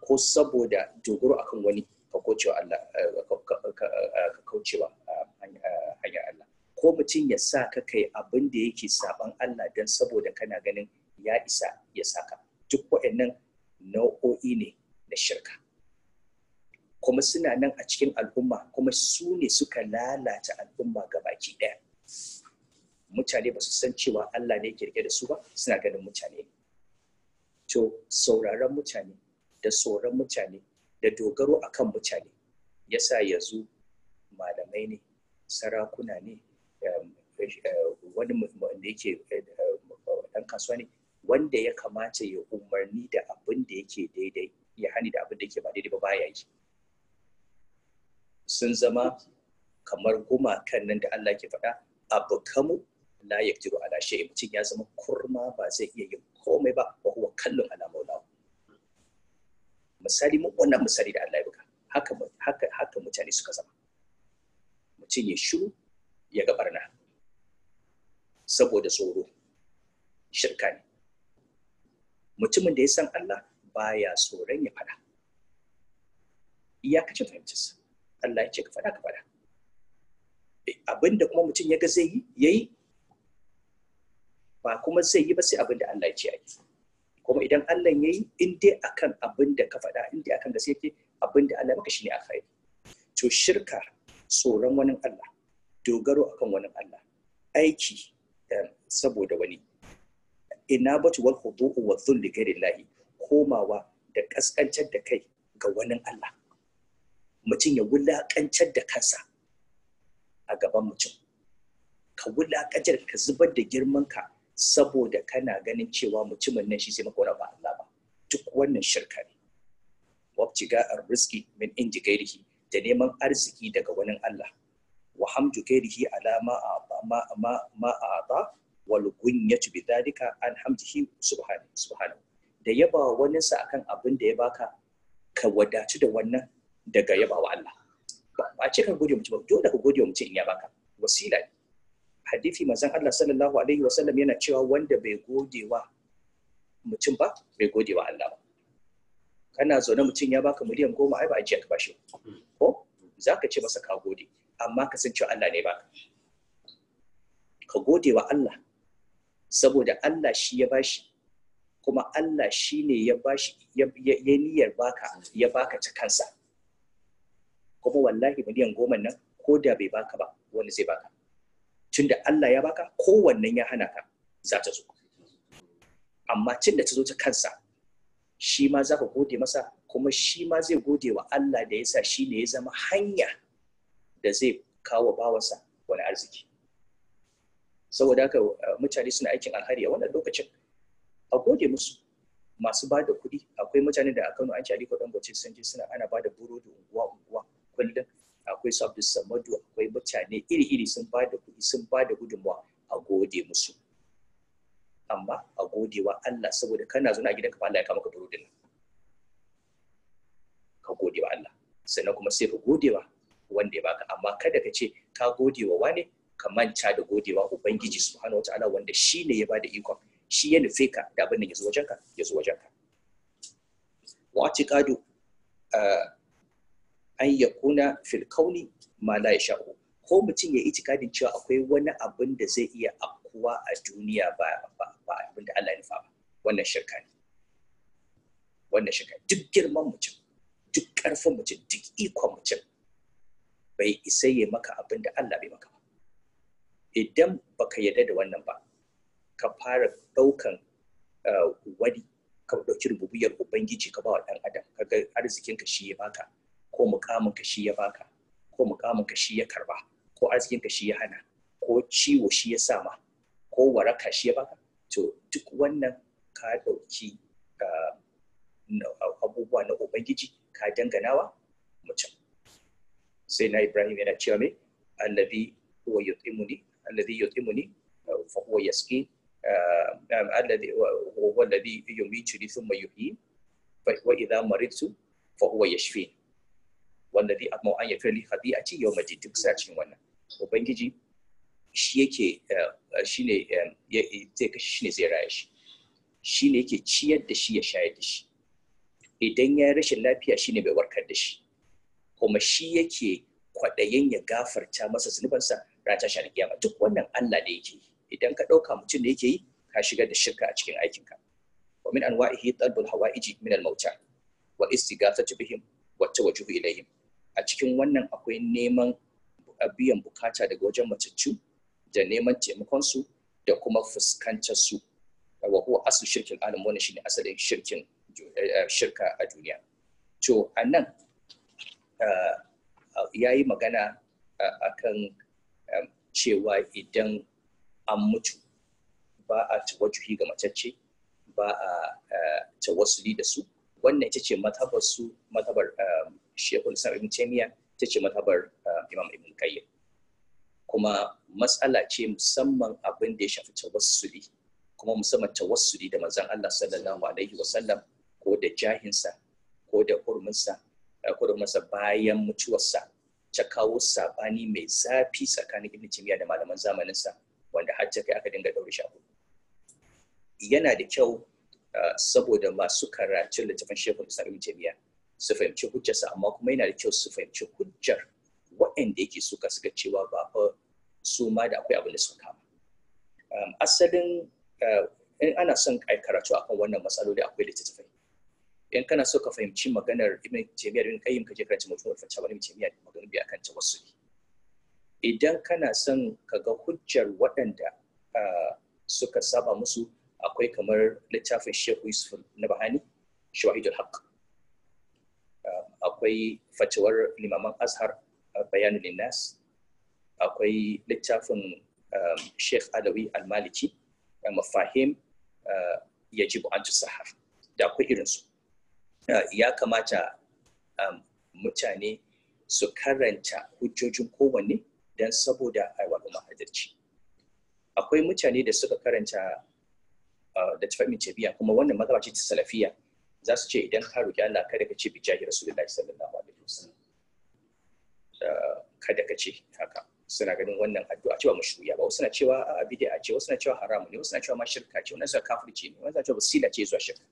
ko saboda dogaro akan wani ka kaucewa Allah ka kaucewa hanyar Allah ko mutum ya sa ka kai abin da yake saban Allah don saboda kana ganin ya isa ya saka duk waɗannan nau'o'i ne na shirka kuma suna nan a cikin al'umma kuma su ne suka lalata al'umma ga baki ɗaya mutane ba su san cewa Allah ne kirge da su ba suna ganin mutane to sauraron mutane da tsoron mutane da dogaro akan mutane yasa yanzu malamai ne sarakuna ne Eh, wani wanda yake eh, eh, kasuwa ne wanda ya kamata ya umarni da abin da yake daidai ya hani da abin da yake ba daidai ba baya yi sun zama kamar gumakan nan da Allah ke faɗa abu kamu la jiro ala shi mutum ya zama kurma ba zai iya yin komai ba wa huwa kallon ala misali mun wannan misali da Allah ya buga haka haka haka mutane suka zama mutum ya shiru ya ga barna saboda tsoro shirka ne mutumin da ya san Allah baya tsoron ya fada iyakacin fahimtarsa Allah ya ce ka fada ka fada abinda kuma mutum ya ga zai yi ba kuma zai yi ba sai abinda Allah ya ce yi kuma idan Allah ya yi in dai akan abinda ka fada in dai akan gaske yake abinda Allah maka shine alkhairi to shirka tsoron wani Allah dogaro akan wani Allah aiki Um, saboda wani ina batu wal khudu'u wa dhulli ghairillahi komawa da kaskancar da kai ga wani Allah mutum ya wulakancar da kansa a gaban mutum ka wulakancar ka zubar da girman ka saboda kana ganin cewa mutumin nan shi sai maka wani Allah ba duk wannan shirka ne ga arziki min inji gairiki, da neman arziki daga wani Allah wa ke ghairihi ala ma ma ma ma ata wal gunyatu bidhalika an hamdihi subhanahu subhanahu da yaba wani sa akan abin da ya baka ka wadatu da wannan daga yaba wa Allah ba ce ka gode mutum ba dole ka gode mutum in ya baka wasila ne hadisi manzon Allah sallallahu alaihi wasallam yana cewa wanda bai gode wa mutum ba bai gode wa Allah ba kana zaune mutum ya baka miliyan goma ai ba a ka bashi ko za ka ce masa ka gode amma ka san cewa Allah ne baka ka gode wa Allah saboda Allah shi ya bashi kuma Allah shi ne ya bashi ya niyyar baka ya baka ta kansa kuma wallahi miliyan goma nan ko da bai baka ba wani zai baka tunda Allah ya baka kowannan ya hana ka za ta zo amma tunda ta zo ta kansa shi ma za ka gode masa kuma shi ma zai gode wa Allah da ya sa shi ne ya zama hanya da zai kawo bawansa wani arziki saboda haka eh, mutane suna aikin alhari a wannan lokacin a gode musu masu ba da kuɗi akwai mutane da a Kano an cari Aliko Dangote sun je suna ana ba da burodi unguwa unguwa kullum akwai su Samadu akwai mutane iri iri sun ba da kuɗi sun ba da gudunmawa a gode musu amma a gode wa Allah saboda kana zuna gidan ka Allah ya kama ka burudin ka gode wa Allah sannan kuma sai ka gode wa. wanda ya baka amma kada ka ce ka gode wa wane ka manta da godewa ubangiji subhanahu wataala wanda shi ne ya bada ikon shi ya nufe ka da abin da ya zo wajen ka ya zo wajen ka wa atiqadu an yakuna fil kauni ma la yasha'u ko mutum ya itikadin cewa akwai wani abin da zai iya akuwa a duniya ba ba abin da Allah ya nufa ba wannan shirka ne wannan shirka duk girman mutum duk ƙarfin mutum duk ikon mutum bai isa ya maka abin da Allah bai maka idan baka yarda da wannan ba ka fara ɗaukan uh, wani ka ɗauki rububiyar ubangiji ka ba wa ɗan adam ka ga arzikin ka shi ya baka ko mukamin ka shi ya baka ko mukamin ka shi ya karba ko arzikin ka shi ya hana ko ciwo shi ya sama ko waraka shi ya baka to duk wannan ka ɗauki uh, abubuwa na ubangiji ka danganawa mutum sai na ibrahim yana cewa mai alladhi huwa yutimuni alladhi yutimuni fa huwa yasqi ah, ah, alladhi huwa alladhi yumituni thumma yuhyi wa idha maridtu amma an yafili khati'ati cikin ubangiji shi yake ah, shi ne zai kashe shi ne zai raya shi shi ne yake ciyar da shi ya shayar da shi idan ya rashin lafiya shi ne bai warkar da shi kuma shi yake kwaɗayin ya gafarta masa zunubansa ran shi ba, duk wannan Allah da yake idan ka ɗauka mutum da yake yi ka shiga da shirka a cikin aikinka wa min anwa'ihi talbul hawa'iji min al-mauta wa istighathatu bihim wa tawajjuhu ilayhim a cikin wannan akwai neman biyan bukata daga wajen matattu da neman taimakon su da kuma fuskantar su wa huwa asu shirkin alam wannan shine asalin shirkin eh, shirka a duniya to anan Uh, uh, ya yi magana uh, akan um, cewa idan an mutu ba a wajuhi ga matacce ba a wasuli da su wannan ita ce matabar su matabar um, shekul sami ibn taimiya ita ce matabar um, imam ibn qayyim kuma matsala ce musamman abin da ya shafi tawassuli kuma musamman tawassuli da manzon Allah sallallahu alaihi wasallam ko da jahinsa ko da hurminsa kurin masa bayan mutuwarsa ta kawo sabani mai zafi tsakanin ibn timiya da malaman zamaninsa wanda har ta kai aka dinga daure shi yana da kyau saboda masu karatun littafin shekul islam ibn timiya su fahimci hujjarsa amma kuma yana da kyau su fahimci hujjar waɗanda yake suka suka cewa ba fa su ma da akwai abin da suka kama asalin in ana son karatu akan wannan matsaloli akwai littattafai Idan kana so ka fahimci maganar ibn taymiya ibn kayyim ka je ka ci wa fata wani taymiya da a kan ta tawassuli idan kana son ka ga hujjar waɗanda suka saba musu akwai kamar littafin Shehu Yusuf na Bahani Shawahidul Haq. akwai fatawar limaman Azhar Bayanul Linnas. akwai littafin Sheikh Adawi Al-Maliki Mafahim Yajibu an Sahar da akwai irinsu ya kamata um, mutane su karanta hujjojin kowanne don saboda aiwatar mahajarci. akwai mutane da suka karanta uh, da tafamin cebiya kuma wannan magana ce ta salafiya za su ce idan ka roƙi Allah kada ka ce bi bijahi rasulullahi sallallahu alaihi wasallam uh, kada ka ce haka suna ganin wannan addu'a cewa mashruya ba wasu na cewa a bid'a ce wasu na cewa haramu ne wasu na cewa ma shirka ce wasu na cewa kafirci ne wasu na cewa basila ce zuwa shirka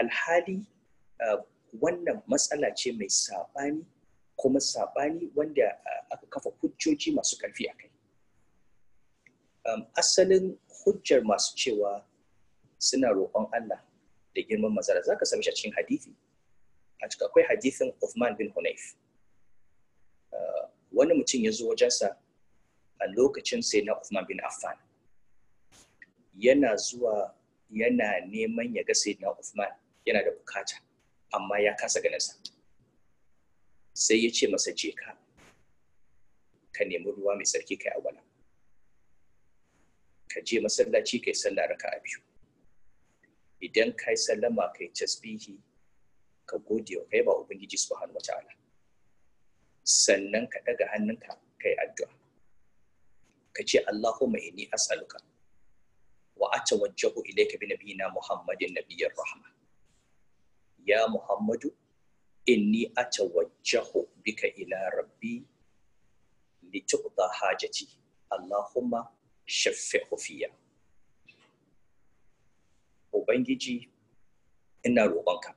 alhali ah, wannan matsala ce mai saɓani kuma saɓani wanda ah, aka kafa hujjoji masu ƙarfi a kai asalin hujjar masu cewa suna roƙon Allah da girman mazara za ka sami shi a cikin hadithi a cikin akwai hadithin Uthman bin Hunayf ah, wani mutum ya zo wajensa a lokacin sai na Uthman bin Affan yana zuwa yana neman ya ga sai na Uthman yana da bukata amma ya kasa ganinsa sai ya ce masa je ka ka nemi ruwa mai tsarki kai awala ka je masallaci kai sallah raka a biyu idan kai sallama kai tasbihi ka gode wa kai ba ubangiji subhanahu wataala sannan ka daga hannunka kai addu'a ka ce Allahumma inni as'aluka wa atawajjahu ilayka bi nabiyyina Muhammadin nabiyyir rahma ya Muhammadu inni atawajjahu bika ila rabbi tuqda hajati Allahumma shaffi hufiya Ubangiji ina roƙonka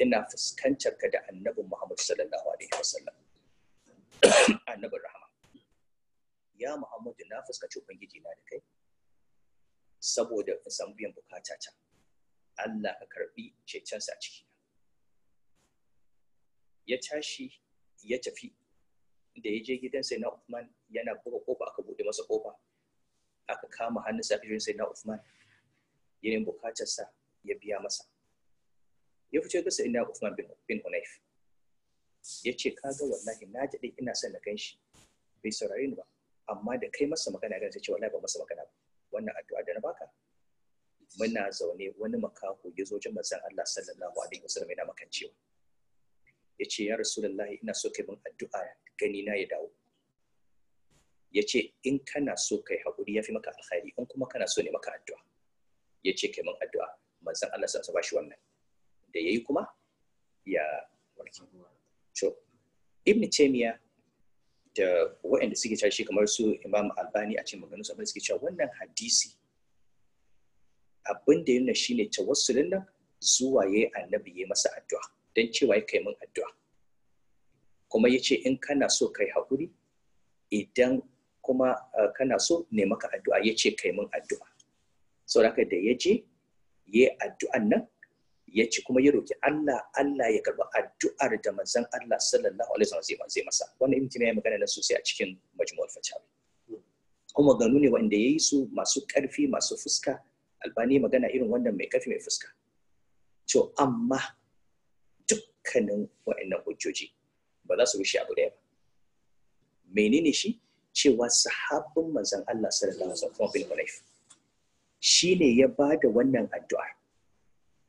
ina fuskantar ka da annabin Muhammad sallallahu alaihi wasallam annabin rahama ya Muhammadu na fuskaci Ubangiji na da kai saboda in san biyan bukata ta Allah ka karbi cetonsa a ciki ya tashi ya tafi da ya je gidan sai na Uthman yana buga kofa aka bude masa kofa aka kama hannun sa aka sai na Uthman bukatar sa ya biya masa ya fice ga sai na Uthman bin bin Hunayf ya ce kaga wallahi na daɗe ina son na ganshi bai saurare ni ba amma da kai masa magana ga sai ce wallahi ba masa magana ba wannan addu'a da na baka muna zaune wani makaho ya zo jin manzon Allah sallallahu alaihi wasallam yana makancewa ya ce ya rasulallah ina so kai min addu'a gani na ya dawo ya ce in kana so kai haƙuri ya fi maka alkhairi in kuma kana so ne maka addu'a ya ce kai min addu'a manzon Allah sa ba shi wannan da yayi kuma ya warke so ibn taymiya da waɗanda suke cewa shi kamar su imam albani a cikin maganganun sa suke cewa wannan hadisi abin da yana shine tawassulin nan zuwa yayi annabi yayi masa addu'a don cewa ya kai min addu'a kuma ya ce in kana so kai haƙuri idan kuma eh, kana so ne maka addu'a ya ce kai min addu'a sau da da ya je ya addu'an nan ya ci kuma ya roki Allah Allah ya karba addu'ar da manzon Allah sallallahu alaihi wasallam zai masa wannan imtina ya magana na sosai a cikin majmu'ul fatawa kuma ganu ne wanda yayi su masu karfi masu fuska albani magana irin wannan mai karfi mai fuska to amma dukkanin wa'annan hujjoji ba za su rushe abu ɗaya ba menene shi cewa sahabbin manzon Allah sallallahu alaihi wasallam bin Shi shine ya bada wannan addu'a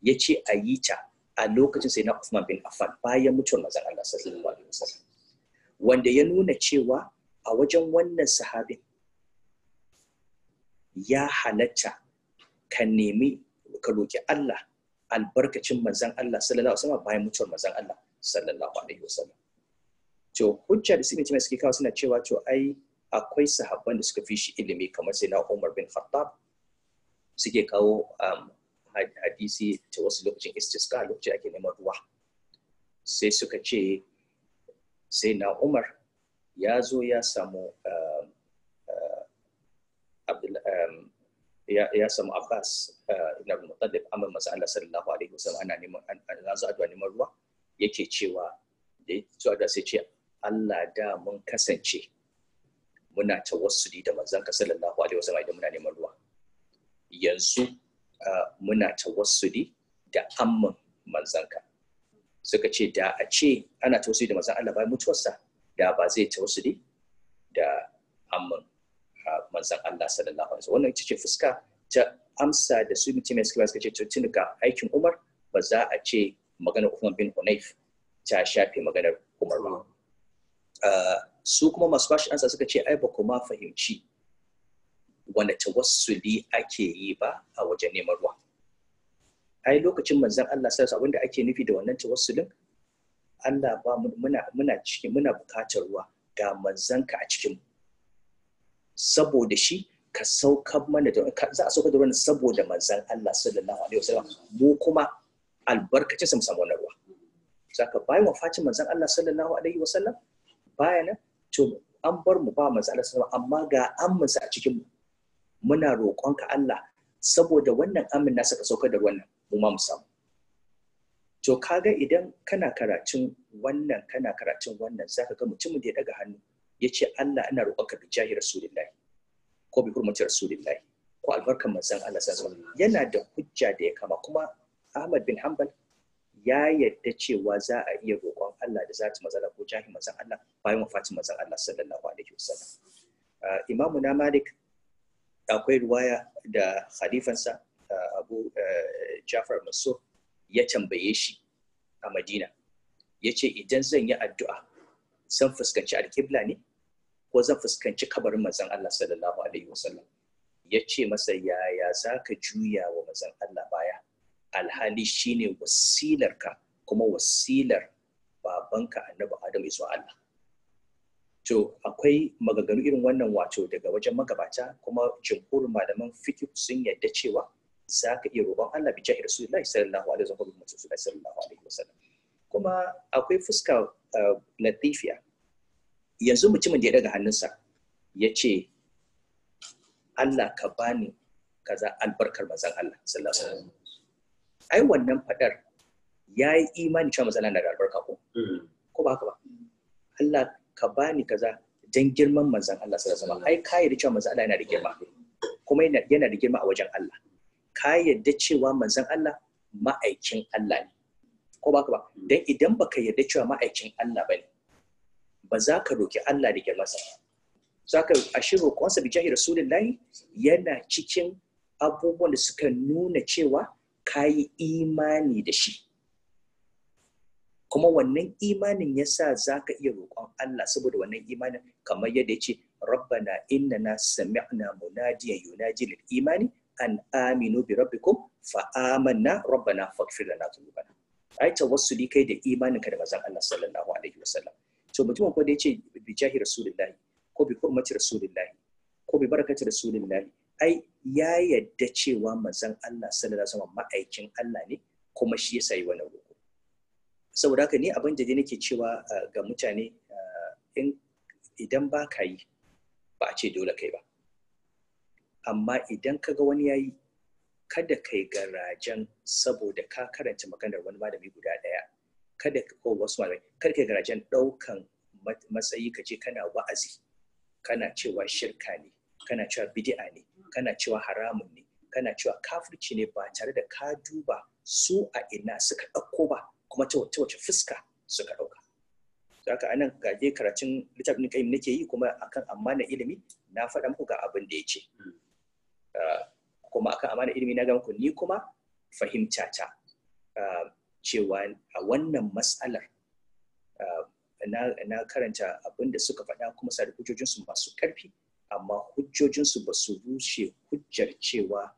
ya ce a yi ta a lokacin sai na Uthman bin Affan bayan mutuwar manzon Allah sallallahu alaihi wasallam wanda ya nuna cewa a wajen wannan sahabin ya halatta ka nemi ka roki Allah albarkacin manzan Allah sallallahu alaihi wasallam bayan mutuwar manzan Allah sallallahu alaihi wasallam to hujja da suke mai suke kawo suna cewa to ai akwai sahabban da suka fi shi ilimi kamar sai na Umar bin Khattab suke kawo um, hadisi ta wasu lokacin istisqa lokacin ake neman ruwa sai suka ce sai na Umar ya zo ya samu um, uh, ya ya samu Abbas eh, ibn Abdul Muttalib amma manzo Allah sallallahu alaihi wasallam ana neman za zuwa neman ruwa yake cewa da zuwa da sai ce Allah da mun kasance muna tawassuli da manzon ka sallallahu alaihi wasallam idan muna neman ruwa yanzu eh, muna tawassuli da amman manzanka suka ce da a ce ana tawassuli da manzan Allah bayan mutuwarsa da ba zai tawassuli da amman manzan Allah sallallahu alaihi wannan ita ce fuska ta amsa da su mutum suka suka ce tun aikin Umar ba za a ce maganar Uthman bin Hunayf ta shafe maganar Umar ba su kuma masu bashi ansa suka ce ai ba kuma fahimci wanda tawassuli ake yi ba a wajen neman ruwa ai lokacin manzan Allah sai abin da ake nufi da wannan tawassulin Allah ba muna muna cikin muna bukatar ruwa ga manzanka a cikin saboda shi ka saukar mana da za a saukar da wannan saboda manzan Allah sallallahu alaihi wasallam mu kuma albarkace mu samu wannan ruwa saka bayan wafatin manzan Allah sallallahu alaihi wasallam bayan nan to an bar mu ba manzan Allah sallallahu amma ga aminsa a cikin mu muna ka Allah saboda wannan amin nasa ka saukar da wannan mu ma mu samu to kaga idan kana karatun wannan kana karatun wannan zaka ga mutumin da ya daga hannu ya ce Allah ina roƙonka bi jahi rasulillahi ko bi hurmati rasulillahi ko albarkan manzon Allah sallallahu alaihi wasallam yana da hujja da ya kama kuma Ahmad bin Hanbal ya yadda cewa za a iya roƙon Allah da zati manzala ko jahi manzon Allah bayan wafatin manzon Allah sallallahu alaihi wasallam uh, imamu na Malik akwai ruwaya da khalifansa uh, Abu uh, Jafar Maso ya tambaye shi a Madina ya ce idan zan yi addu'a san fuskanci alkibla ne ko zan fuskanci kabarin mazan Allah sallallahu alaihi wasallam ya ce masa yaya za ka juya wa mazan Allah baya alhali shine ka kuma wasilar babanka annabi Adam isa Allah to akwai maganganu irin wannan wato daga wajen magabata kuma jumhurin malaman fiki sun yadda cewa za ka iya roƙon Allah bi jahi Rasulullahi sallallahu alaihi wasallam kuma akwai fuska eh, latifiya yanzu mutumin da ya daga hannunsa ya ce Allah ka bani kaza albarkar mazan Allah sallallahu alaihi wasallam ai wannan fadar ya yi imani cewa mazan Allah da albarka ko mm. ko ba haka ba Allah ka bani kaza dan girman manzan Allah sallallahu alaihi wasallam ai ka yarda cewa manzan Allah yana da girma kuma yana da girma a wajen Allah ka yarda cewa manzan Allah ma'aikin Allah ne ko ba mm. ka ba dan idan baka yarda cewa ma'aikin Allah bane ba za ka roki Allah da girmansa za ka ashe roƙonsa bi jahi rasulullahi yana cikin abubuwan da suka nuna cewa ka yi imani da shi kuma wannan imanin ya sa za ka iya roƙon Allah saboda wannan imanin kamar yadda ya ce rabbana na sami'na munadiyan yunaji lil imani an aminu bi rabbikum fa amanna rabbana faghfir lana dhunubana ai tawassuli kai da imanin ka da manzon Allah sallallahu alaihi wasallam to mutumin fa da yace bi jahi rasulullahi ko bi hurmati rasulillahi ko bi barakati rasulullahi ai ya yadda cewa manzon Allah sallallahu alaihi wasallam ma'aikin Allah ne kuma shi ya sayi wannan roƙo saboda haka ni abin da nake cewa ga mutane idan ba ka yi ba a ce dole kai ba amma idan ka ga wani yayi kada kai garajen saboda ka karanta maganar wani malami guda ɗaya kada ka ko wasu malamai kada ka garajen daukan matsayi ka je kana wa'azi kana cewa shirka ne kana cewa bid'a ne kana cewa haramun ne kana cewa kafirci ne ba tare da ka duba su a ina suka ɗauko ba kuma ta wace fuska suka ɗauka haka anan gaje karatun littafin kai nake yi kuma akan amana ilimi na faɗa muku ga abin da ya ce hmm. ah, kuma akan amana ilimi na ga muku ni kuma fahimta ta ah, cewa a wannan matsalar na karanta abinda suka faɗa kuma sa da hujjojinsu masu ƙarfi amma hujjojinsu ba su rushe hujjar cewa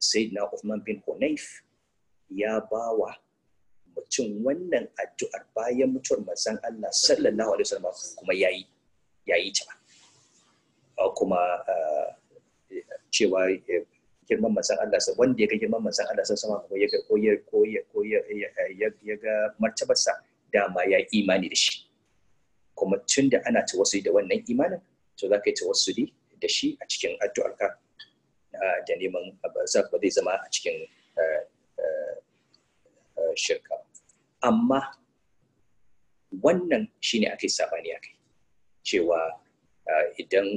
sayyidina Uthman bin Hunayf ya bawa mutum wannan addu'ar bayan mutuwar manzon Allah sallallahu alaihi wasallam kuma yayi yayi ta kuma cewa girman manzon Allah sa wanda ya ga girman manzon Allah sa sama ko ya ga ko ya ko ya ko ya ya ga martabarsa dama ya imani da shi kuma tun da ana tawassuli da wannan imanin to za ka yi tawassuli da shi a cikin addu'arka da neman za ba zai zama a cikin shirka amma wannan shine akai sabani akai cewa idan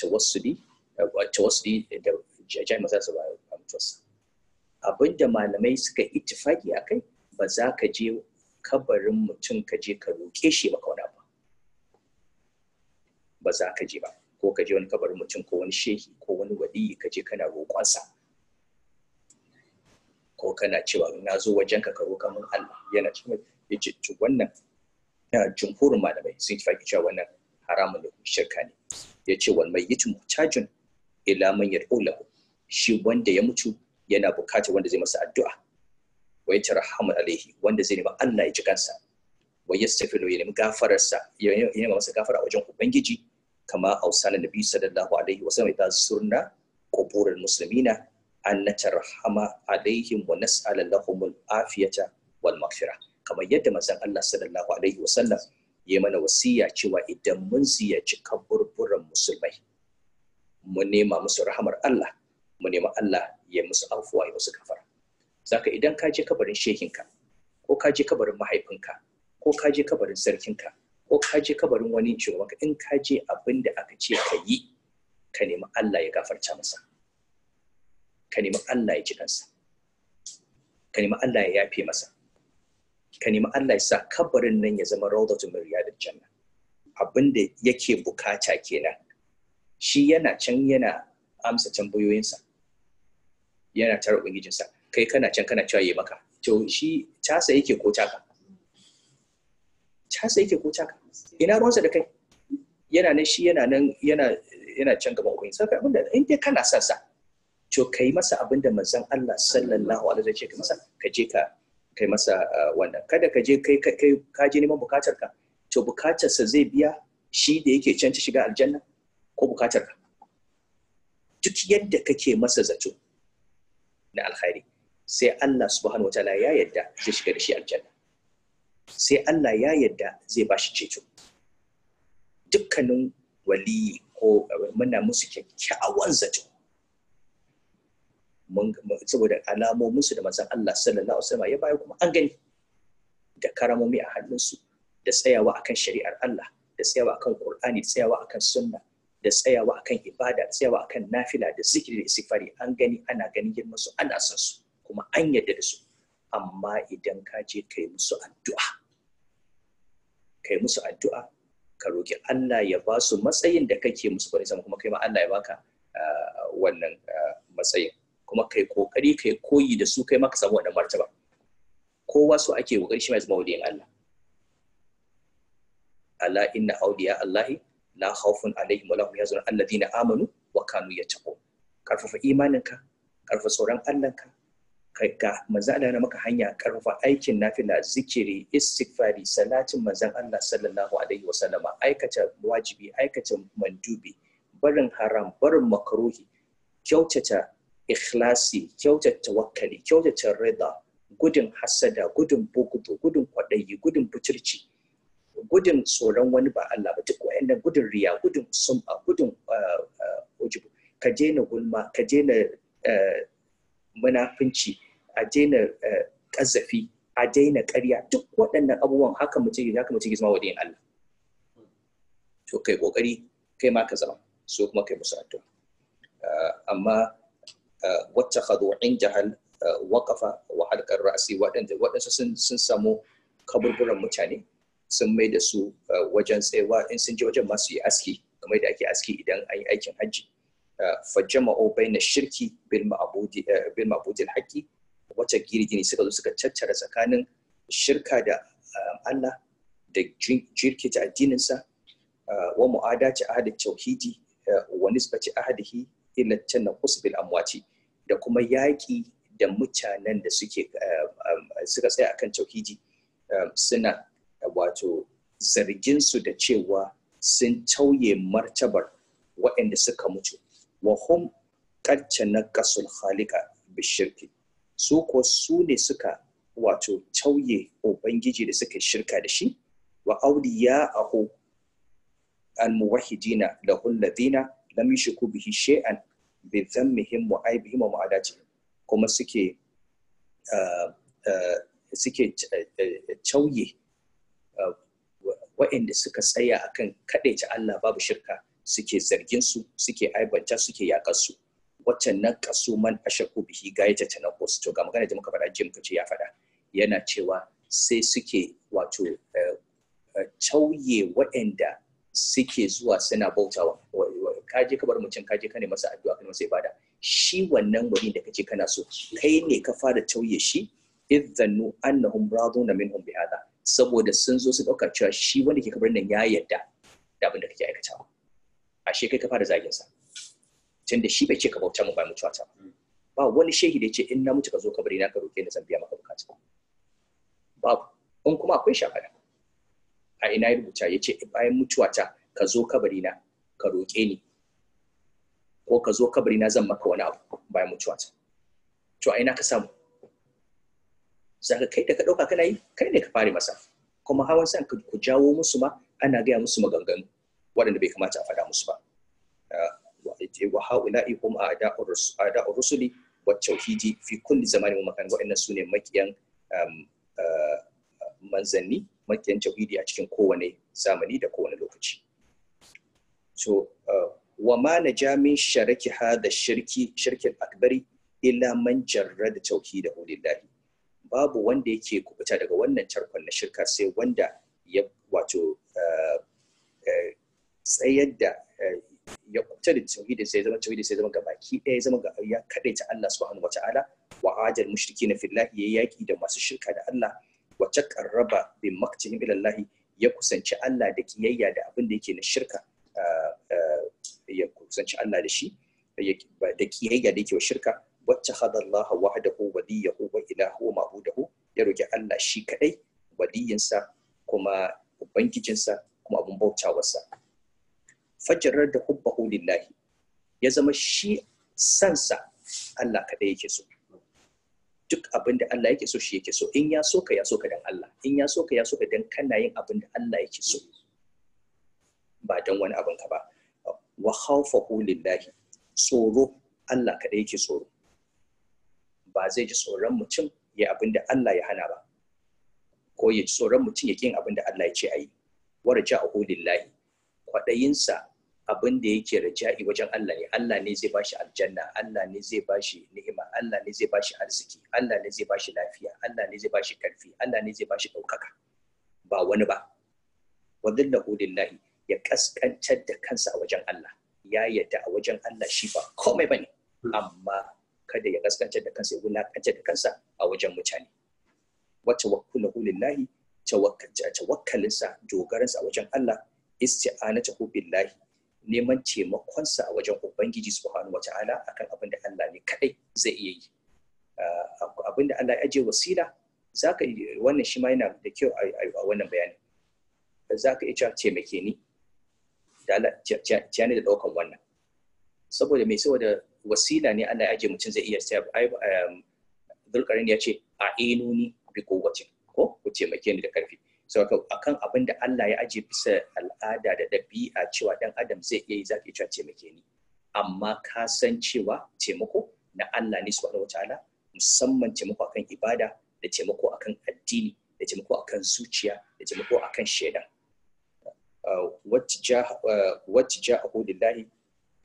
tawassuli tawassuli da jami'a za su bayar da mutuwarsa abinda malamai suka ittifaki a kai ba za ka je kabarin mutum ka je ka roƙe shi ba kauna ba ba za ka je ba ko ka je wani kabarin mutum ko wani shehi ko wani waliyi ka je kana roƙonsa ko kana cewa na zo wajen ka karo kamar Allah yana cewa ya ce to wannan na jumhurin malamai sun ittifaki cewa wannan haramun da shirka ne ya ce wani yi mayyitu muhtajun ila man yad'u lahu shi wanda ya mutu yana bukatar wanda zai masa addu'a wa ya tarhamu alaihi wanda zai nemi Allah ya ji kansa wa yastaghfiru ya nemi gafararsa ya nemi masa gafara a wajen ubangiji kama ausana nabi sallallahu alaihi wa sallam idan surna quburul muslimina an natarhama alaihim wa nas'ala al afiyata wal maghfira kamar yadda manzon Allah sallallahu alaihi wa sallam ya mana wasiya cewa idan mun ziyarci kaburburan musulmai mu nema musu rahamar Allah mu nemi Allah ya musu afuwa ya musu kafara zaka idan ka je kabarin shehinka ko ka je kabarin mahaifinka ko ka je kabarin sarkinka ko ka je kabarin wani shugabanka in ka je abin aka ce ka yi ka nemi Allah ya gafarta masa ka nemi Allah ya ji kansa ka nemi Allah ya yafe masa ka nemi Allah ya sa kabarin nan ya zama rawdatu min riyadil janna abin da yake bukata kenan shi yana can yana amsa tambayoyinsa yana tara ubangijinsa kai kana can kana cewa yi maka to shi tasa yake ko taka tasa yake ko taka ina ruwansa da kai yana nan shi yana nan yana yana can gaban ubangiji sai abin da in dai kana san sa to kai masa abin da manzon Allah sallallahu alaihi wasallam ya ce masa ka je ka kai masa ah, wannan kada ka je kai kai ka je neman bukatar ka to bukatar sa zai biya shi da yake can ta shiga aljanna ko bukatar ka duk yadda kake masa zato na alkhairi sai Allah subhanahu wataala ya yadda zai shiga da shi aljanna sai Allah ya yadda zai ba shi ceto dukkanin waliyi ko eh, muna musu kyakkyawan zato saboda alamominsu da manzon Allah sallallahu alaihi ya bayar kuma an gani da karamomi a hannunsu da tsayawa akan shari'ar Allah da tsayawa akan Qur'ani da tsayawa akan sunna da tsayawa akan ibada tsayawa akan nafila da zikiri da istighfari an gani ana ganin girman su ana son su kuma an yarda da su amma idan ka je kai musu addu'a kai musu addu'a ka roki Allah ya ba su matsayin da kake musu bari sama kuma kai ma Allah ya baka ah, wannan ah, matsayin kuma kai kokari kai koyi da su kai ma ka samu wannan martaba kowa so ake kokari shi mai zama waliyin Allah ala inna awliya Allahi la khawfun alaihim wa lahum yahzanun alladhina amanu wa kanu yattaqun karfafa imaninka karfafa tsoron Allahnka ga manzan Allah maka hanya karfafa aikin nafila zikiri istighfari salatin manzan Allah sallallahu alaihi wa sallama aikata wajibi aikata mandubi barin haram barin makaruhi kyautata ikhlasi kyautata tawakkali kyautata rida gudun hasada gudun bugudu gudun kwaɗayi gudun buturci gudun tsoron wani ba Allah ba duk wa'annan gudun riya gudun sum'a gudun ujubu ka je na gulma ka je na munafunci a je na ƙazafi a je na ƙarya duk waɗannan abubuwan haka mutum haka mutum zama wajen Allah to kai kokari kai ma ka zama so kuma kai musu addu'a amma wacce khadu in jahal waƙafa, wa halqar ra'si waɗanda waɗansu sun samu kaburburan mutane sun mai da su uh, wajen tsayawa in sun je wajen masu yi aski kamar da ake aski idan an yi aikin hajji uh, jama'o bai na shirki bil ma'abudin uh, haƙƙi wata girgini suka zo suka tattara tsakanin shirka da um, Allah da jirkita addininsa wa mu'ada ci ahadin tauhidi wa nisbati ahadihi ila tanqus kusbil amwati da kuma yaƙi da mutanen da suke um, um, suka tsaya akan tauhidi suna wato zarginsu da cewa sun tauye martabar waɗanda suka mutu wa hum kacce na kasul halika bishirki su ko su ne suka wato tauye ubangiji da suka shirka da shi wa auliya ahu almuwahidina lahul ladina lam yushku bihi shay'an bi dhammihim wa aibihim wa kuma suke ah, ah, suke eh, eh, tauye waɗanda suka tsaya akan kaɗaice Allah babu shirka suke zargin su suke aibanta suke yakar su waccan nan kaso man ashaku bihi gaita ta na to ga magana da muka faɗa jim kace ya faɗa yana cewa sai suke wato tauye eh, eh, waɗanda suke zuwa suna bautawa kaje ka bar mutum kaje ka ne masa addu'a ka masa ibada shi wannan wani da kace kana so kai ne ka fara tauye shi idzanu annahum raduna minhum bihadha saboda sun zo su ɗauka cewa shi wanda ke kabarin nan ya yadda da abin da kake aikatawa ashe kai ka fara zagin sa tunda shi bai ce ka bauta mu ba mu ta ba wani shehi da ce in na mutu ka zo kabari na ka roke ni zan biya maka bukata babu in kuma akwai shafada a ina ya rubuta ya ce bayan mutuwa ta ka zo kabari na ka roke ni ko ka zo kabari na zan maka wani abu bayan mutuwa ta to a ina ka samu Za ka kai da ka ɗauka kana yi kai ne ka fare masa kuma hawan san ku jawo musu ma ana gaya musu maganganu waɗanda bai kamata a faɗa musu ba ah, wa ha'ula'i hum a'da'ur rusuli wa tauhidi fi kulli zamanin wa makan wa'annan sune makiyan um, ah, manzanni makiyan tauhidi a cikin kowane zamani da kowane lokaci so ah, wa ma naja min sharaki hada shirki shirkin akbari illa man jarrada tawhidahu lillahi babu wanda yake kubuta daga wannan tarkon na shirka sai wanda ya wato eh, eh, tsayar da eh, ya kubuta da tauhidin sai zama tauhidin sai zama ga baki ɗaya zama ga ya kadaita Allah subhanahu wataala wa ajal na fillahi ya yaki da masu shirka da Allah wa taqarraba bi maqtihim ila Allah ya kusanci Allah da kiyayya da abin da yake na shirka ya kusanci Allah da shi da kiyayya da yake wa shirka wattakhadha Allah wahdahu waliyahu wa ilahu wa ma'budahu ya roki Allah shi kadai waliyinsa kuma ubangijinsa kuma abun bautawarsa fajarar da hubbahu lillahi ya zama shi sansa Allah kadai yake so duk abin da Allah yake so shi yake so in ya so ka ya so ka dan Allah in ya so ka ya so ka dan kana yin abin da Allah yake so ba dan wani abin ka ba wa khawfahu lillahi tsoro Allah kaɗai yake tsoro ba zai ji tsoron mutum ya abin da Allah ya hana ba ko ya ji tsoron mutum ya kin abin da Allah ya ce a yi warja a kwadayinsa kwaɗayinsa abin da yake raja'i wajen Allah ne Allah ne zai bashi aljanna Allah ne zai bashi ni'ima Allah ne zai bashi arziki Allah ne zai bashi lafiya Allah ne zai bashi karfi Allah ne zai bashi ɗaukaka ba wani ba wadillahu lillahi ya kaskantar da kansa a wajen Allah ya yadda a wajen Allah shi ba komai bane hmm. amma kada ya gaskantar da kansa ya wulakantar da kansa a wajen mutane wa tawakkulahu lillahi tawakkalinsa dogaransa a wajen Allah ta billahi neman taimakonsa a wajen ubangiji subhanahu wata'ala akan abin da Allah ne kadai zai iya yi ah, abin da Allah ya aje wasila zaka wannan shi ma yana da kyau a wannan bayani zaka iya taimake ni da Allah da daukan wannan saboda mai saboda wasila ne Allah ya aje mutum zai iya sai um, ya ce a inuni bi kowace ko ku taimake ni da karfi saboda akan abin da Allah ya ajiye bisa al'ada da ɗabi'a cewa dan adam zai iya yi za ka cewa taimake ni amma ka san cewa taimako na Allah ne subhanahu wataala musamman taimako akan ibada da taimako akan addini da taimako akan zuciya da taimako akan shaidan uh, wacce uh, ja'ahu lillahi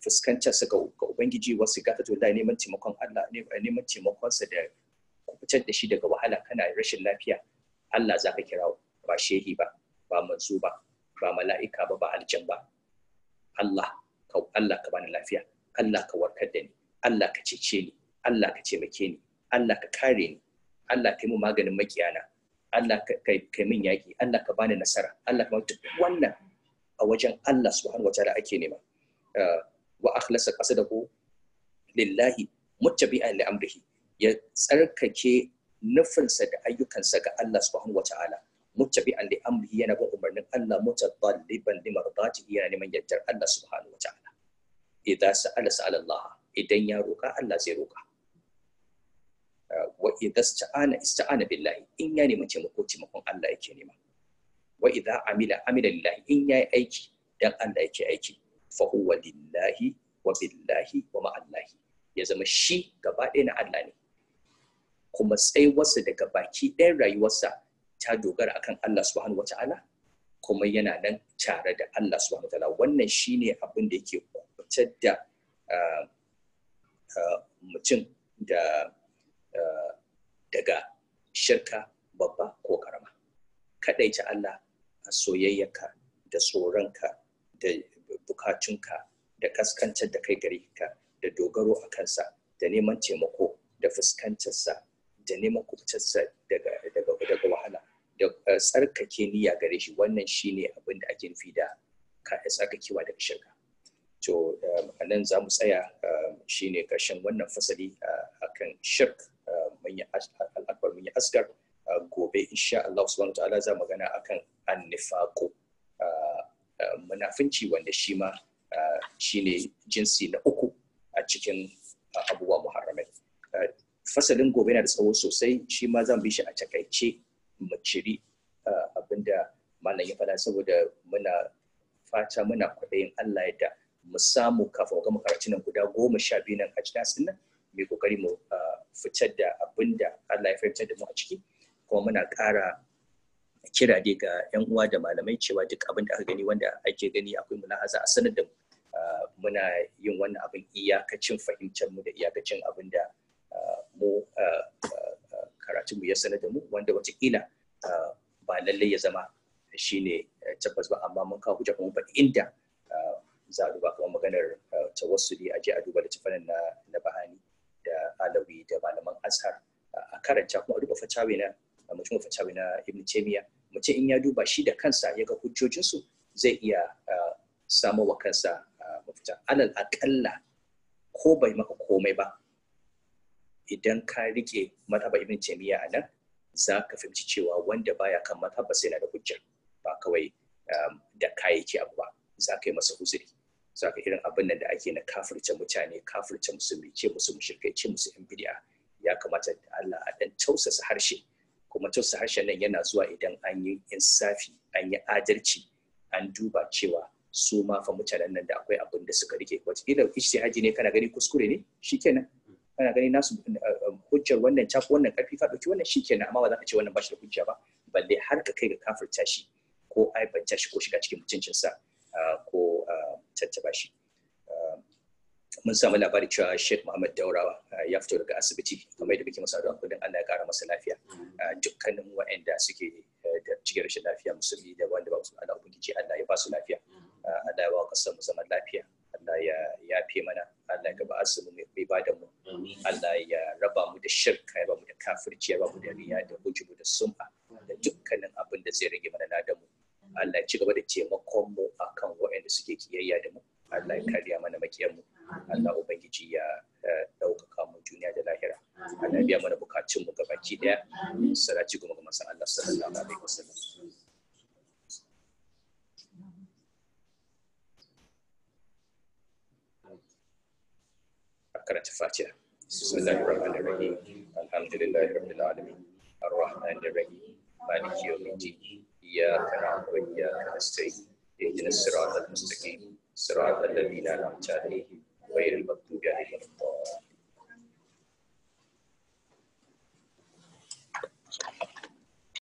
fuskantar su ga ubangiji wasu gata to da neman taimakon Allah neman taimakonsa da kubutar da shi daga wahala kana rashin lafiya Allah zaka kira ba shehi ba ba manzo ba ba mala'ika ba ba aljan ba Allah ka Allah ka bani lafiya Allah ka warkar da ni Allah ka cece ni Allah ka taimake ni Allah ka kare ni Allah ka yi mu maganin makiyana Allah ka kai min yaki Allah ka bani nasara Allah ka wannan a wajen Allah subhanahu wataala ake nema ah, wa akhlasa qasdahu lillahi muttabi'an li amrihi ya tsarkake nufinsa da ayyukansa ga Allah subhanahu wata'ala muttabi'an li amrihi yana bin umarnin Allah mutatalliban li mardatihi yana neman yardar Allah subhanahu wata'ala idan sa'ala sa'ala Allah idan ya roka Allah zai roka wa idza ista'ana ista'ana billahi in ya nemi taimako taimakon Allah yake nema wa idan amila amila lillahi in yayi aiki dan Allah yake aiki fahuwa huwa lillahi wa billahi wa ma'allahi ya zama shi gaba ɗaya na Allah ne kuma tsayuwarsa daga baki ɗayan rayuwarsa ta dogara akan Allah subhanahu wata'ala kuma yana nan tare da Allah subhanahu wata'ala wannan shine abin da yake kubutar da ah, ah, mutum da ah, daga shirka babba ko karama ta Allah a soyayyarka da tsoronka da bukatunka da kaskancin da kai gare ka da dogaro a kansa da neman taimako da fuskantarsa da neman kubutarsa daga, daga, wahala da eh, tsarkake niyya gare shi wannan shi ne abin da ake nufi da tsarkakewa daga shirka to eh, a nan za mu tsaya eh, shi ne ƙarshen wannan fasali a kan shirk al'akbar mun yi asgar gobe insha Allah subhanahu wa ta'ala za magana akan annifaqo Eh, munafinci wanda shi ma eh, shi ne jinsi na uku a cikin eh, abubuwa muharramai fasalin gobe na da tsawo sosai shi ma zan bi shi a takaice mu ciri abinda malam ya faɗa saboda muna fata muna kwaɗayin Allah yadda mu samu kafin gama karatun nan guda goma sha biyu nan a cikin nan mai kokari mu fitar da abinda Allah ya fahimtar da mu a ciki kuma muna ƙara kira dai ga 'yan uwa da malamai cewa duk abin da aka gani wanda ake gani akwai mulahaza a sanar da mu ah, muna yin wannan abin iyakacin fahimtar mu da iyakacin abin da ah, mu ah, karatun mu ya sanar da mu wanda watakila ba lallai ya zama shine eh, tabbas ba amma mun kawo hujjar kuma ba inda za a duba kamar maganar ta wasu ne a je a duba littafin na na bahani da alawi da malaman azhar a karanta kuma a duba fatawi na mutum fatawi na ibn taymiya mutum in ya duba shi da kansa ya ga hujjojinsu zai iya uh, samu wa kansa uh, mafita alal aƙalla ko bai maka komai ba idan ka rike mazhabar ibn taymiya a nan za ka fahimci cewa wanda baya kan mataba sai na da hujjar. ba kawai um, da kayayyaki abu ba za ka yi masa uzuri za ka irin abin nan da ake na kafirce mutane kafirce musulmi ce musu mushrikai ce musu yan bid'a ya kamata Allah a dan tausasa harshe kuma su harshen nan yana zuwa idan an yi insafi an yi adalci an duba cewa su ma fa mutanen nan da akwai abin da suka rike wataƙila haji ne kana gani kuskure ne shikenan kana gani nasu um, hujjar wannan cafu wannan karfi fa dauki wannan shikenan amma ba za ka ce wannan ba shi da hujja ba balle har ka kai ga kafirta shi ko aibanta shi ko shiga cikin mutuncinsa uh, ko uh, tattaba shi mun samu labari cewa Sheikh Muhammad Daurawa eh, ya fito daga asibiti kamar da muke masa da kudin Allah ya kara masa lafiya eh, dukkanin waɗanda suke eh, da cikin rashin lafiya musulmi da wanda ba musulmi Allah ubangiji Allah ya ba su lafiya mm-hmm. Allah ya ba kasar mu zaman lafiya Allah ya yafe mana Allah ya gaba asibiti mai bada mu Allah ya raba mu da shirka ya ba mu da kafirci ya ba mu da riya da hujubu da sum'a da dukkanin abin da zai rage mana mu. Allah ya ci gaba da taimakon mu akan waɗanda suke kiyayya da mu Allah ya kariya mana makiyar mu Allah ubangiji ya ɗaukaka mu duniya da lahira Allah biya mana bukatun mu salati kuma ga manzon Allah sallallahu alaihi wasallam karanta fatiha bismillahir rahmanir rahim alhamdulillahi rabbil alamin arrahmanir rahim maliki yawmiddin iyyaka na'budu wa iyyaka nasta'in ihdinas siratal mustaqim siratal ladzina an'amta alaihim غير المكتوب عليه يعني ولا